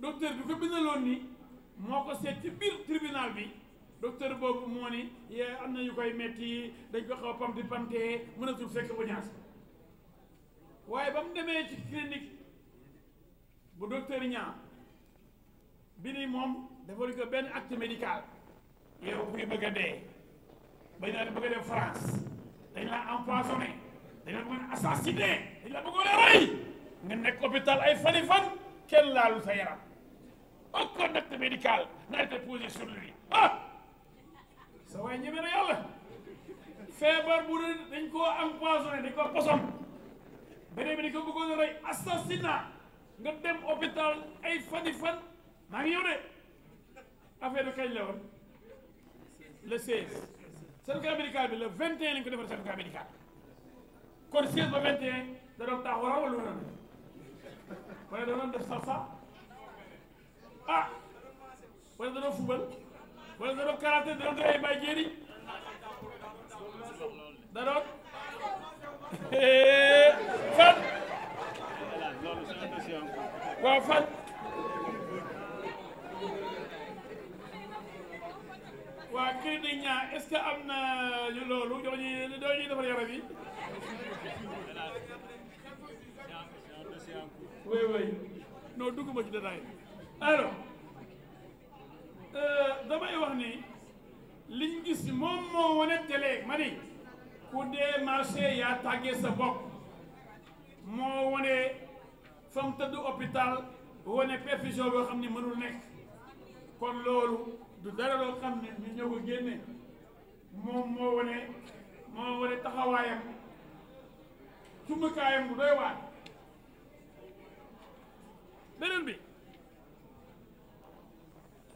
docteur bi ko bindaloon ni moo ko seet ci biir tribunal bi docteur boobu moo ni yee am na yu koy metti dañ ko xaw a pamti pamtee mënatul fekk bu waaye ba mu demee ci clinique bu docteur ñaa bi ni moom defal ko benn acte médical yow kuy bëgg a dee bañ laa di bëgg a dem France dañ laa empoisonné dañ la bëggoon assassiné dañ la bëggoon a rey nga nekk hôpital ay fani fan kenn laalu sa yaram aucun acte médical n'a été posé sur lui ah sa waay ñeme na feebar bu ne dañ koo empoisonné dañ koo poson beneen bi dañ ko bëggoon rey assassinat nga dem hôpital ay fani fan maa ngi yow de affaire bi kañ la woon le 16 certificat médical bi le 21 lañ ko defar certificat médical kon 16 ba 21 da doon taxaw wala wala wala wala da doon def sax ah wala danoo <laughs> waa kii di ñaa est am na ñu loolu ñoo ñu doo ñuy defar yaram yi oui oui non dugguma ci alors euh, damay wax ni liñ gis moom moo wane télé ma ni ku dee marché yaa tàggee sa bopp moo wane fa mu tëdd hôpital wane perfusion boo xam ne mënul nekk kon loolu du dara loo xam ne ñu ñëw a génne moom moo wane moo wane taxawaayam sumukaayam bu doy waar beneen bi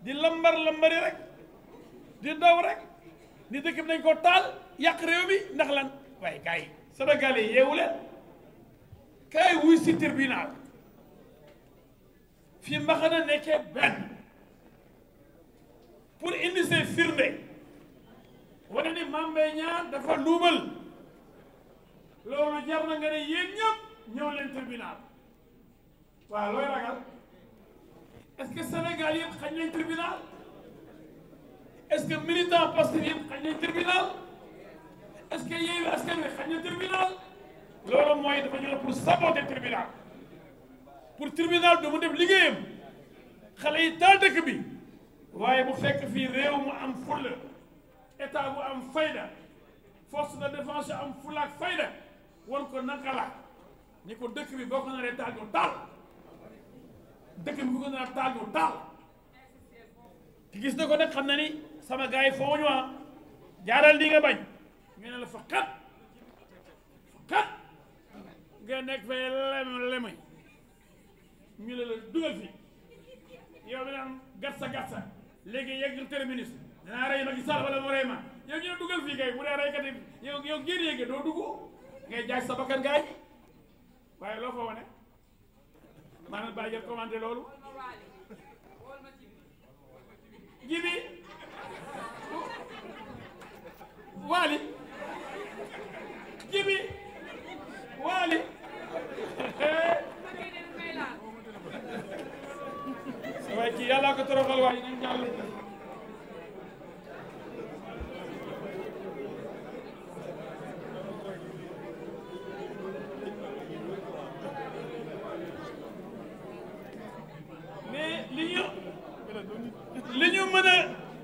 di lambar lambari rek di daw rek ni dëkk bi dañ ko taal yàq réew mi ndax lan waaye gars yi sénégalais yeewu leen kaay wuy si tribunal fii mbaxana nekkee benn pour indi seen firnde wane ni Mame Mbaye dafa luubal loolu jar na nga ne yéen ñëpp ñëw leen tribunal waaw looy ragal est-ce que Sénégal yëpp xañ nañ tribunal est-ce que militant Pastef yëpp xañ nañ tribunal que Yewwi Askan Wi xañ na tribunal loolu mooy dafa ñëw pour saboter tribunal pour tribunal du mu def liggéeyam xale yi taal dëkk bi waaye bu fekk fii réew mu am fulla état am fayda force de défense am fulla fayda war ko naka ni ko dëkk bi boo ko naree taal du dëkk bi ku ko naan taal ñu taal te gis na ko nag xam na sama gars yi foo ñu ah jaaral lii nga bañ ñu ne la fa kat fa kat nga nekk fay lem lemañ ñu ne la dugal fi yow mi naan gatsa gatsa léegi yegg na terminus danaa rey Macky Sall wala mu rey ma yow ñu ne dugal fii kay bu dee reykat yi yow loo fa wane maanaam bàyyi jot commandé loolu jibi waali jibi waali eh. waaye kii yàlla ko toroxal waaye nañ jàll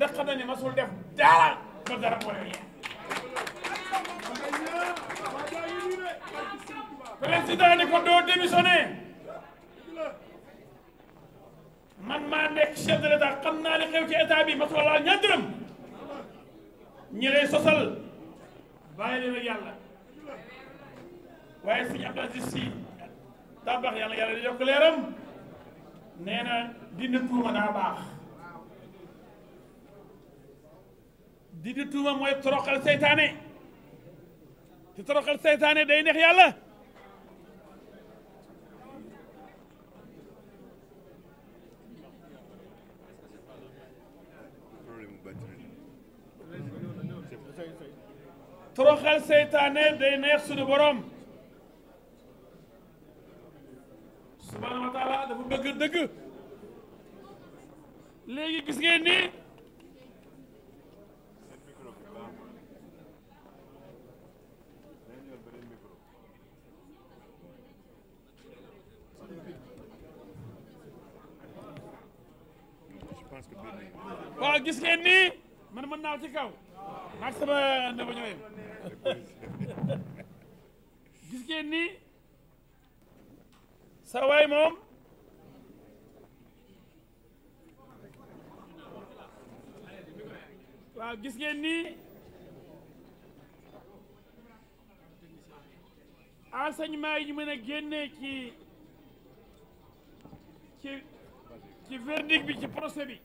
ndax xam na ne masul def dara ba dara boole président ne ko doo man maa nekk chef de l'état xam ci état bi masul laa ñaar dërëm ñi lay sosal leen ak yàlla waaye suñu Abdou Aziz Sy daa baax yàlla yàlla di yokk leeram nee na tuuma daa baax didi di tuuma mooy toroxal seytaane te toroxal seytaane day neex yàlla toroxal seytaane day neex sunu borom subhanahu wa taala dafa bëgg dëgg léegi gis ngeen ni waaw gis ngeen nii man mën naaw ci kaw maag sama ndaba ñooyem gis ngeen ni sa waay moom waaw gis ngeen nii enseignement yi ñu mën a génnee ci ci ci verdict bi ci procès bi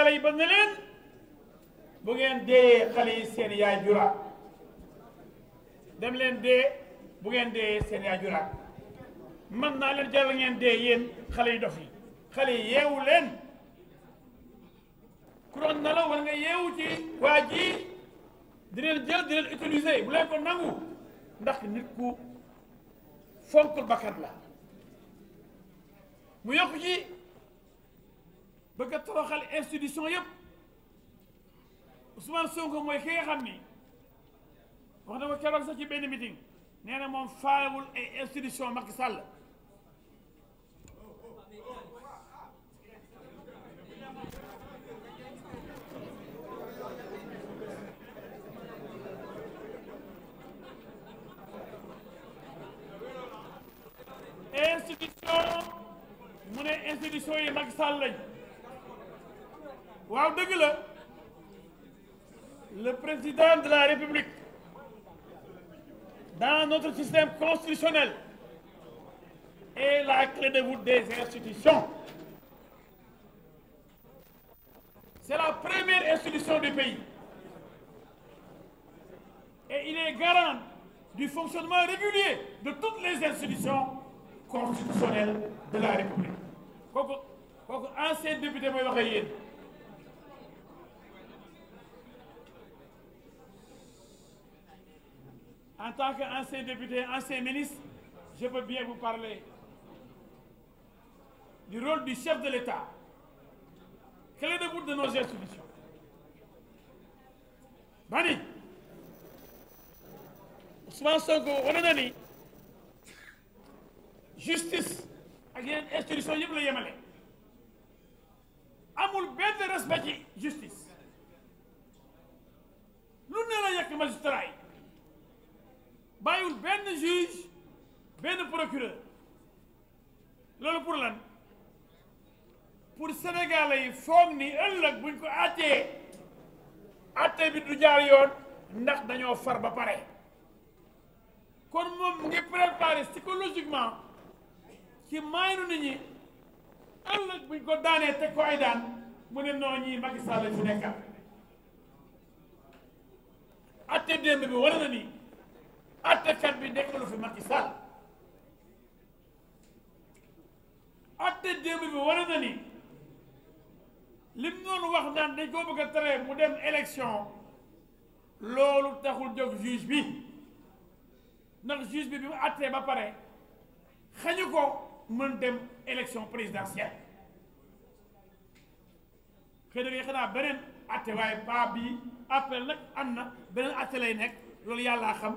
yàlla yi ba ne leen bu ngeen dee xale yi seen yaay juraat dem leen dee bu ngeen dee seen yaay juraat man naa leen jaral ngeen dee yéen xale yi dof yi xale yi yeewu leen ku doon nelaw war nga yeewu ci waa ji di leen jël di leen utiliser bu leen ko nangu ndax nit ku fonkul bakkat la mu yokku ci bëgg a toroxal institution yëpp Ousmane Sonko mooy ki nga xam ni wax na ko keroog sax ci benn meeting nee na moom faalewul ay institution Macky Sall institution mu ne institution yi Macky Sall lañ waaw le président de la République dans notre système constitutionnel est la clé de voûte des institutions. C'est la première institution du pays. Et il est garant du fonctionnement régulier de toutes les institutions constitutionnelles de la République. ancien député, moi, En tant qu'ancien député, ancien ministre, je peux bien vous parler du rôle du chef de l'État. Quel est le bout de nos institutions Bani Ousmane Sonko, on a dit justice avec une institution yëpp la yemale amul benn respect justice Nous ne sommes pas magistrat bàyyiwul benn juge benn procureur loolu pour lan pour sénégalais yi foog ni ëllëg buñ ko àttee àtte bi du jaar yoon ndax dañoo far ba pare kon moom ngi préparé psychologiquement ci maynu nit ñi ëllëg buñ ko daanee teg ko ay daan mu ne noo ñii Macky Sall lañ nekkal démb bi wala na nii kat bi lu fi Macky Sall atte démb bi wane na ni lim noonu wax naan dañ koo bëgg a tere mu dem élection loolu taxul jóg juge bi ndax juge bi bi mu attee ba pare xañu ko mën dem élection présidentielle xëy na xanaa beneen atte waaye pas bii appel nag am na beneen atte lay nekk loolu yàllaa xam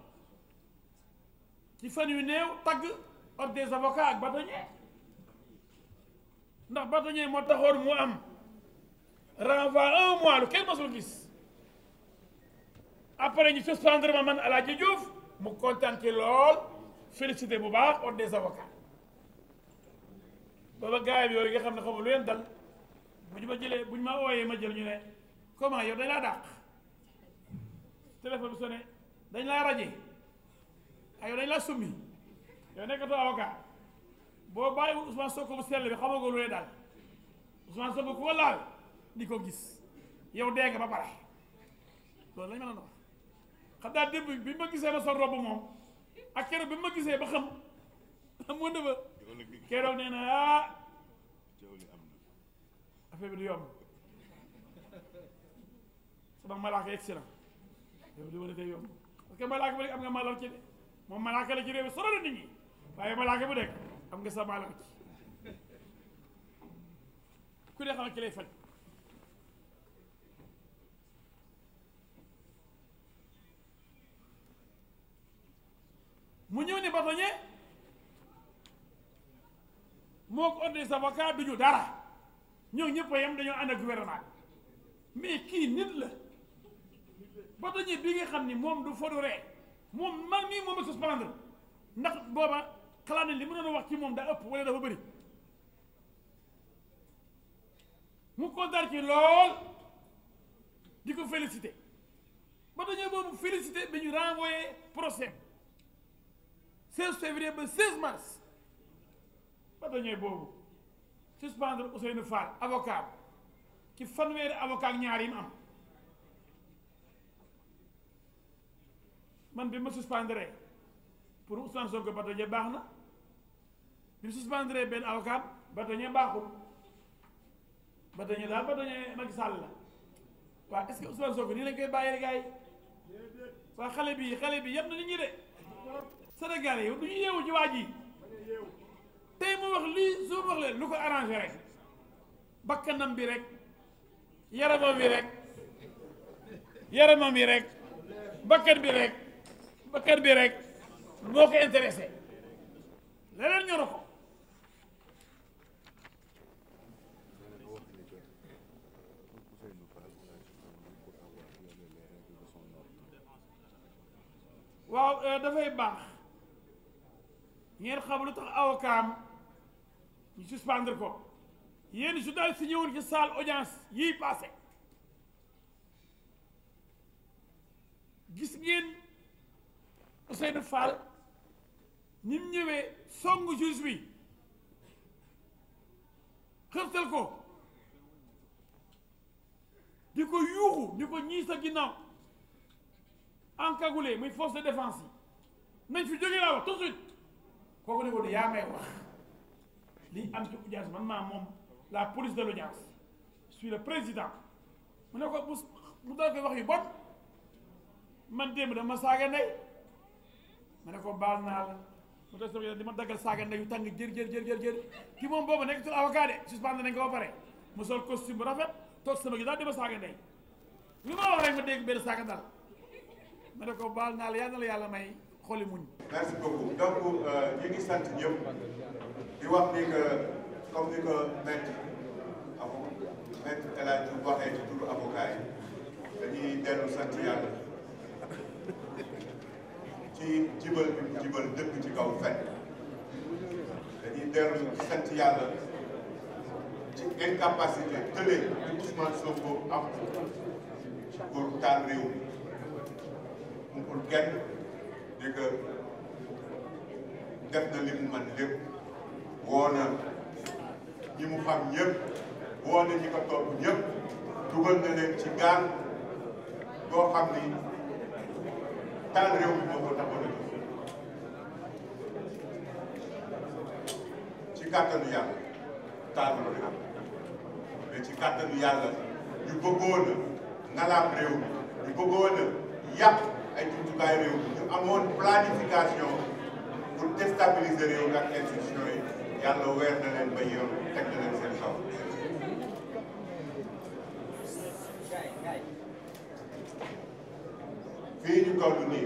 ci fan yu néew tagg des avocats ak bâtonnier ndax bâtonnier moo taxoon mu am renvoi un mois lu kenn après ñu suspendre ma man Alaaji Diouf mu kontaan félicité bu baax des avocats booba bi yooyu nga xam lu dal ma ma comment yow téléphone ay ah, yow dañ laa summi yow nekkatoo avocat boo bàyyiwul Ousmane Sonko bu sell bi xamagoo lu lay daal Ousmane Sonko ku ko laal di ko gis yow dee nga ba pare loolu lañ mën a wax daa démb bi ma gisee ma sol bi ma gisee ba xam xam nga dëba keroog nee na ah affaire bi du yomb sama malaaka excellent affaire bi du war a tey yomb parce que malaaka ba léegi am nga malal ci de moom malaaka la ci réew soro na nit waaye malaaka bu nekk xam nga sa maalaam ci ku ne xam ki lay faj mu ñëw ne batoñe moo ko ordre sa avocat du ñu dara ñëw ñëpp a yem dañoo ànd ak gouvernement mais kii nit la batoñe bi nga xam ni moom du foduree moom man mii moom ak sos palandre ndax booba xalaat na li mu doon wax ci moom daa ëpp wala dafa bëri mu kontaan ci lool di ko félicité ba dañoo boobu félicité bi ñu renvoyé procès 16 février ba 16 mars ba dañoo boobu suspendre Ousseynou Fall avocat ci fanweeri avocat ak ñaar yi mu am man bi ma suspendre pour Ousmane Sonko bâtonnier baax na bi mu suspendre benn avocat bâtonnier baaxul bâtonnier daal bâtonnier Macky Sall la waaw est-ce que Ousmane Sonko nii lañ koy bàyyi gars yi waa xale bi xale bi yem na nit ñi de Sénégalais yow du ñu yeewu ci waa ji tey mu wax lii su wax leen lu ko arrangé rek bakkanam bi rek yaramam bi rek yaramam bi rek bakkan bi rek bakkan bi rek moo ko intéressé leneen ñoro ko waaw euh, dafay baax ngeen xam lu tax awakaam ñu suspendre ko yéen journaliste si ñëwoon ci salle audience yii passé gis ngeen Ousseynou Fall nim ñëwé songu juus bi xërtal ko di ko yuuxu di ko ñii sa ginnaaw cagoulé muy force de défense yi nañ fi jógee laa wax tout de suite kooku ne ko yaa may wax li am ci audience man maa moom la police de l'audience je suis le président mu ne ko bu mu dal koy wax yu bon man démb dama saaga ndey ma ne ko baal naa la mu des sama di ma daggal saaga ndeyu tàng jër jër jër jër jër ki moom boobu nekk tul avocat de suspendé nañ ko ba pare mu sol costume bu rafet toog sama gi daal di ma saaga lu ma wax ko ma dégg benn saaga ma ne ko baal naa la yàlla na la yàlla may xoli muñ merci beaucoup donc euh, ñu ngi sant ñëpp di wax ni ko maître avo maître El Hadj waxee ci turu avocat dellu sant yàlla ci jibal jibal dëkk ci kaw fen dañuy dellu sant yàlla ci incapacité tële bi Ousmane Sonko am pour taal réew mu pour genn di que def na li mu mën lépp woo ñi mu xam ñëpp woo ñi ko topp ñëpp dugal na leen ci gaal boo xam ni tan réew mi moo ko taxoon a ci kàttanu yàlla taanu la am mais ci kàttanu yàlla ñu bëggoon a ngalaam réew mi ñu bëggoon a yàq ay jumtukaay réew mi ñu amoon planification pour a réew mi ak institution yi yàlla weer fii ñu toll nii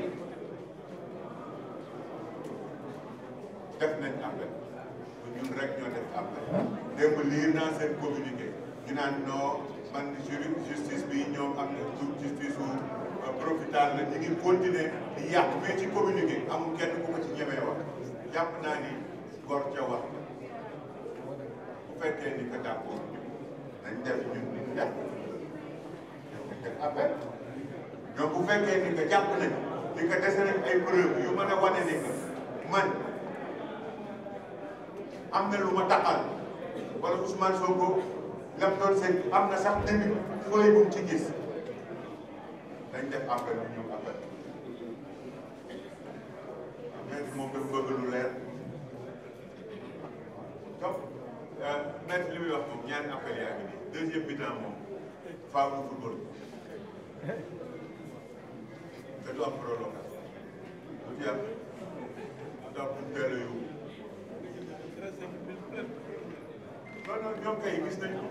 def nañ appel bu ñun rek ñoo def appel démb liir naa seen communiqué ñu man justice bi ñoom am na justice wu euh, profital la ñu ngi continuer di yàq mais ci communiqué amul kenn ku ko ci ñemee wax jàpp naa ni gor ca wax bu fekkee ni ñoom bu fekkee ni nga jàpp nañ ni nga dese nañ ay preuve yu mën a wane man am na lu ma taxal wala Ousmane Sonko lam doon seen am na sax dëgg fooy bu ci gis dañ def appel ñu ñëw appel maître moom dafa bëgg lu leer donc euh, maître li muy wax moom ñaari appel yaa ngi nii deuxième mi-temps moom faaw du am prolongation du fi am du am pour teel a yóbbu non non ñoom kay gis nañu ko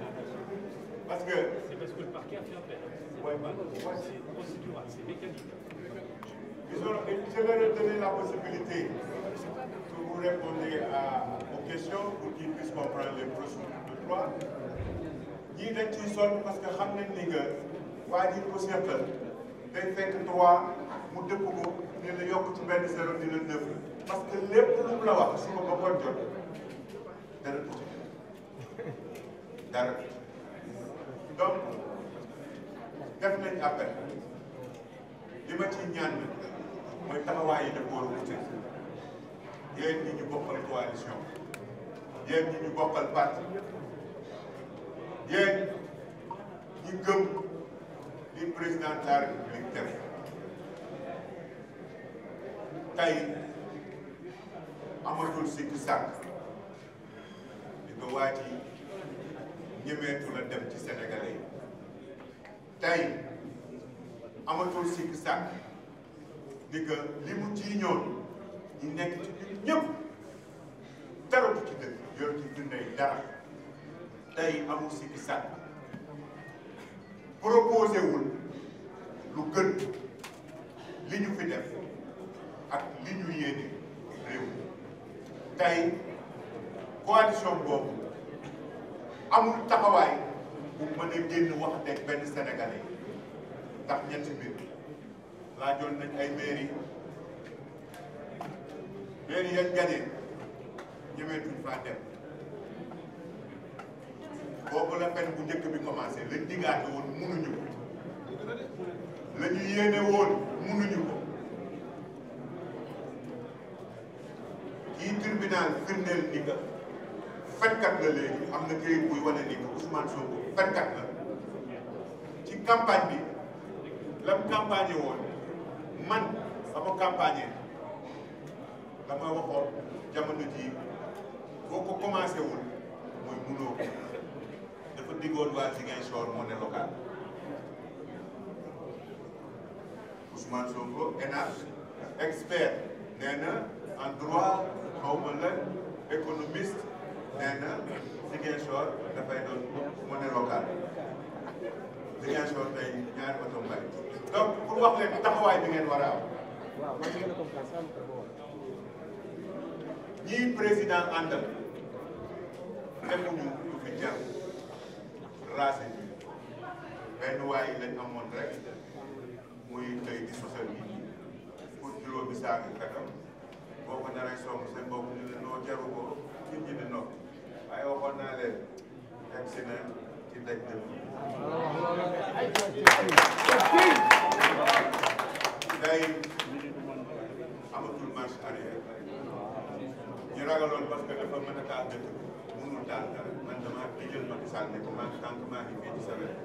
parce que. c'est parce que le parquet a fait appel. waaye c'est procédural c'est mécanique. je vais leur donner la possibilité que vous répondiez à aux questions pour qu'ils puissent comprendre les procédures de droit ñii dañ ciy sonn parce que xam nañ ni que waa ji ko seqal day fekk mu dëpp ko ne la yokk ci benn zéro dina la parce que lépp lu la wax suba ba ngoon jot dara tuuti dara donc def li ma ciy ñaan nag mooy taxawaay yi def war a wuute yéen ñi ñu bokkal coalition yéen ñi ñu bokkal parti yéen ñi gëm li président de la république tey amatul sikki sàkk li nga waa ji dem ci sénégalais yi tey amatul sikki sàkk li mu ci ñoon ñi nekk ci biir ñëpp dara du ci dëkk yor ci dundee dara tey amul sikki sàkk proposé lu gën li ñu fi def ak li ñu yéene réew mi tey coalition boobu amul taxawaay bu mën a génn wax teg benn sénégalais ndax ñetti mbir laajoon nañ ay mairie mairie yañ ganee ñemeetuñ faa dem boobu la fen bu njëkk bi commencé lañ diggaate woon munuñu ko la ñu yéene woon munuñu ko lii tribunal ni que fenkat la léegi am na këyit buy wane ni que Ousmane Sonko fenkat la ci campagne bi lam campagne woon man sama campagne dama waxoon jamono jii boo ko commencé wul mooy munoo dafa diggoon waa Ziguinchor moo ne local Ousmane Sonko ENAC expert nee en droit xaw ma la économiste nee na Ziguinchor dafay doon monnaie locale Ziguinchor tey ñaari oto mbay donc pour wax leen taxawaay bi ngeen war a am ñii président àndal defuñu lu fi jar raase bi benn waay yi lañ rek muy tey di sosal nit ñi pour juróomi saako katam boo ko naree song seen bopp ñu ne noo jaru ko nit ñi di noppi waaye naa leen teg si na ci daj dëgg tey amatul marche arrière ñu ragaloon parce que dafa mën a taal dëkk mënul taal dara man dama digal Macky Sall ne ko man tant que maa ngi fii sa wet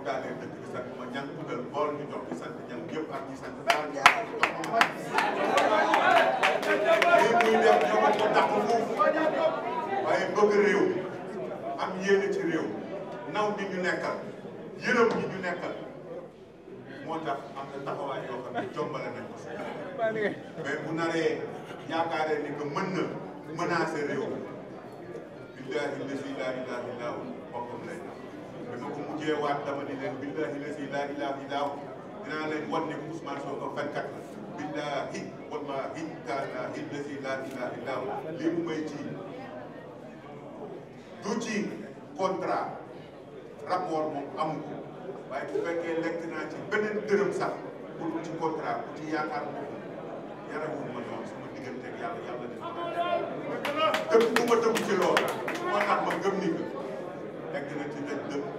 mu daaneel dëkk bi sant ma ñàkk utal bool ñu jox di sant ñàkk yëpp ak ñi sant daal ñu sant jox ko ma. lii muy def ñoo ko dàq foofu waaye bëgg réew am yéene ci réew naw ñi ñu nekkal yërëm ñi ñu nekkal moo tax am na taxawaay yoo xam ne jombale nañ ko mais bu naree yaakaaree ni que mën na menacer réew mi. billahi lazi laa ilaaha illaa dama ko mujjee waat dama ni leen billahi la si laa ilaaha illaa hu dinaa leen wan ni Ousmane Sonko fenkat la billahi wallahi taalaahi la si laa ilaaha illaa hu ci du ci contrat rapport moom amu ko waaye bu fekkee lekk naa ci beneen dërëm sax pour ci contrat ku ci yaakaar moom yarawul ma noonu sama diggante ak yàlla yàlla def na tëb bu ma tëb ci loolu moo tax ma ni que ci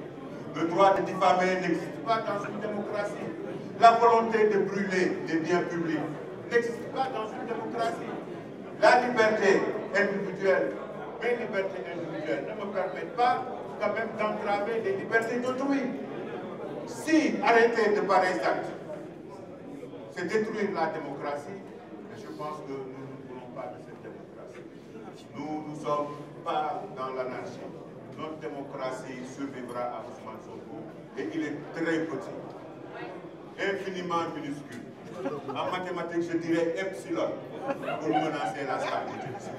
Le droit de diffamer n'existe pas dans une démocratie. La volonté de brûler des biens publics n'existe pas dans une démocratie. La liberté individuelle, mes libertés individuelles ne me permettent pas quand même d'entraver les libertés d'autrui. Si arrêter de pareils actes, c'est détruire la démocratie, et je pense que nous ne voulons pas de cette démocratie. Nous ne sommes pas dans l'anarchie notre démocratie survivra à Ousmane Sonko et il est très petit, infiniment minuscule. En mathématiques, je dirais epsilon pour menacer la stabilité.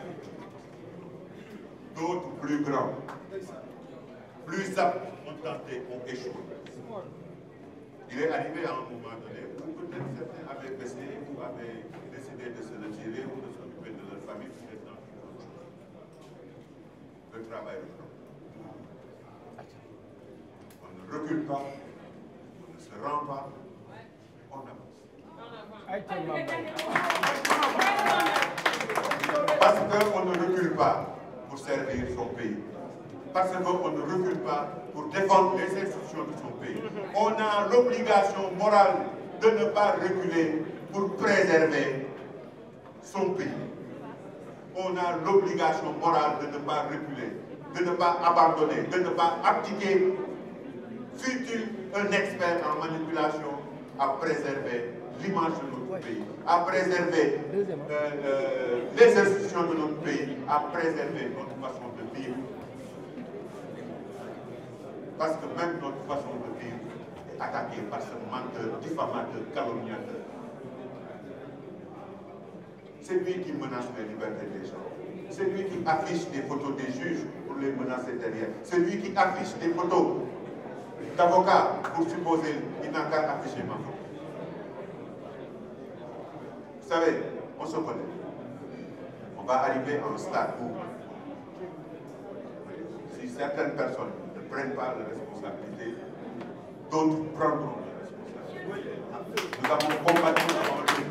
D'autres plus grands, plus aptes ont tenté, ont échoué. Il est arrivé à un moment donné où peut-être certains avaient baissé ou avaient décidé de se retirer ou de s'occuper de leur famille, le travail reprend ne recule pas, on ne se rend pas, on avance. Parce qu'on ne recule pas pour servir son pays. Parce qu'on ne recule pas pour défendre les institutions de son pays. On a l'obligation morale de ne pas reculer pour préserver son pays. On a l'obligation morale de ne pas reculer, de ne pas abandonner, de ne pas abdiquer fut-il un expert en manipulation à préserver l'image de notre pays, à préserver euh, euh, les institutions de notre pays, à préserver notre façon de vivre. Parce que même notre façon de vivre est attaquée par ce menteur, diffamateur, calomniateur. C'est lui qui menace la liberté des gens. C'est lui qui affiche des photos des juges pour les menacer derrière. C'est lui qui affiche des photos d'avocat pour supposer qu'il n'a qu'à afficher ma femme. Vous savez, on se connaît. On va arriver à un stade où, si certaines personnes ne prennent pas la responsabilité, d'autres prendront la responsabilité. Nous avons combattu avant lui.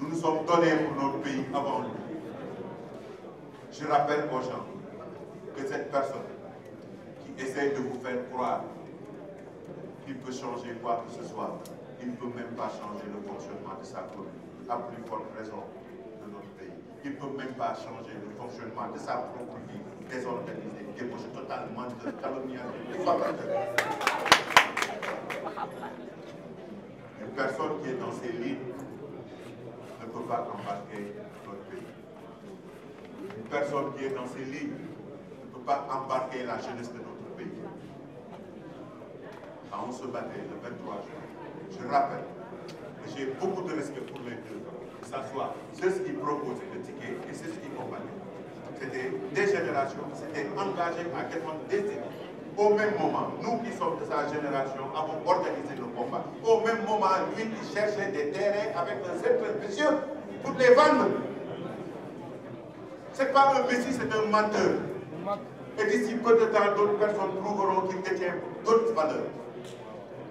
Nous nous sommes donnés pour notre pays avant lui. Je rappelle aux gens que cette personne essaye de vous faire croire qu'il peut changer quoi que ce soit. Il ne peut même pas changer le fonctionnement de sa commune, la plus forte raison de notre pays. Il ne peut même pas changer le fonctionnement de sa propre vie désorganisée, débauchée totalement de Une personne qui est dans ces lignes ne peut pas embarquer notre pays. Une personne qui est dans ces lignes ne peut pas embarquer la jeunesse de notre pays on se battait le 23 juin, je rappelle que j'ai beaucoup de respect pour les deux, que ce soit ceux qui proposaient le ticket et ceux qui combattaient. C'était des générations c'était engagé à défendre des Au même moment, nous qui sommes de sa génération avons organisé le combat. Au même moment, lui qui cherchait des terrains avec un certain monsieur pour les vendre. Ce n'est pas un messie, c'est un menteur. Et d'ici peu de temps, d'autres personnes trouveront qu'il détient d'autres valeurs.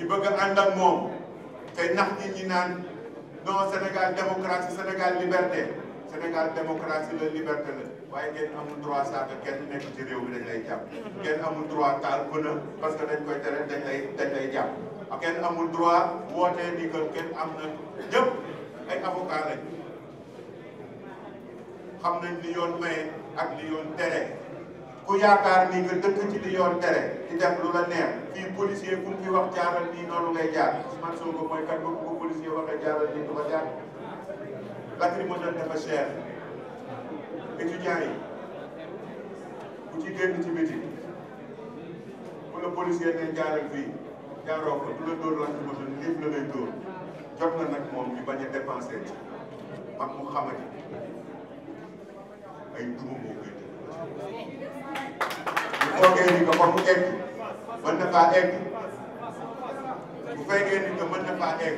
ñu bëgg a ànd ak moom te nax nit ñi naan non Sénégal démocratie Sénégal liberté Sénégal démocratie la liberté la waaye kenn amul droit saaga kenn nekk ci réew mi dañ lay jàpp kenn amul droit taal pënë parce que dañ koy tere dañ lay dañ lay jàpp ah, kenn amul droit wootee ni que kenn am na ñëpp ay avocat xam nañ li yoon maye ak li yoon tere ku yaakaar ni nga dëkk ci li yoon tere di def lu la neex fii policier ku fi wax jaaral nii noonu ngay jaar Ousmane Sonko mooy kat boobu bu policier waxee jaaral nii du ko jaar lacrymogène dafa cher étudiants yi bu ci génn ci biti bu la policier ne jaaral fii jaaroo ko du la dóor lacrymogène lépp la lay dóor jot na nag moom ñu bañ a dépensé ci mag mu ay duma moo gën bu foogee ni que fa mu egg mën na faa egg bu fekkee ni que mën na faa egg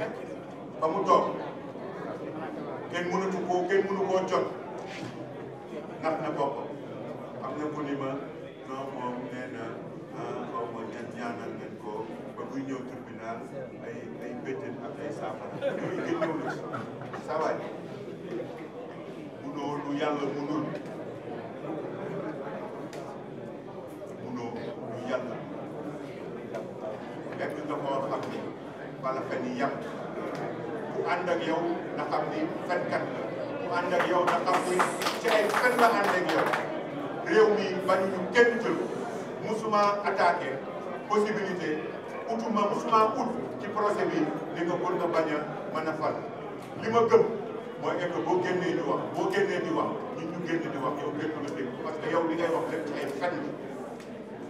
fa mu toog kenn mënatu koo kenn mënu koo jot ndax am na ku ma non moom na ah, xaw ma ñan ñaanal ko ba muy ñëw na ci saa waay mënoo lu yàlla mënul yàlla nekk nga koo xam ni bala ku ànd ak yow na xam fenkat ku ànd ak yow na xam ci ay fen la ànd ak yow réew mi bañuñu kenn jël musuma attaqué possibilité utuma musuma ut ci projet bi li nga mën nga bañ a mën a fal li ma gëm mooy que boo génnee di wax boo génnee di wax ñun ñu génn di wax yow génn nga dégg parce que li ngay wax lépp ci ay fen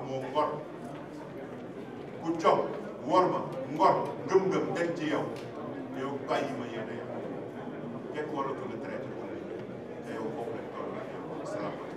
amoo ngor ku cog wor ma ngor ngëm-ngëm dañ ci yow yow bàyyi ma yéene yow kenn waratu la traité te yow foofu lañ toll ak yow asalaamaaleykum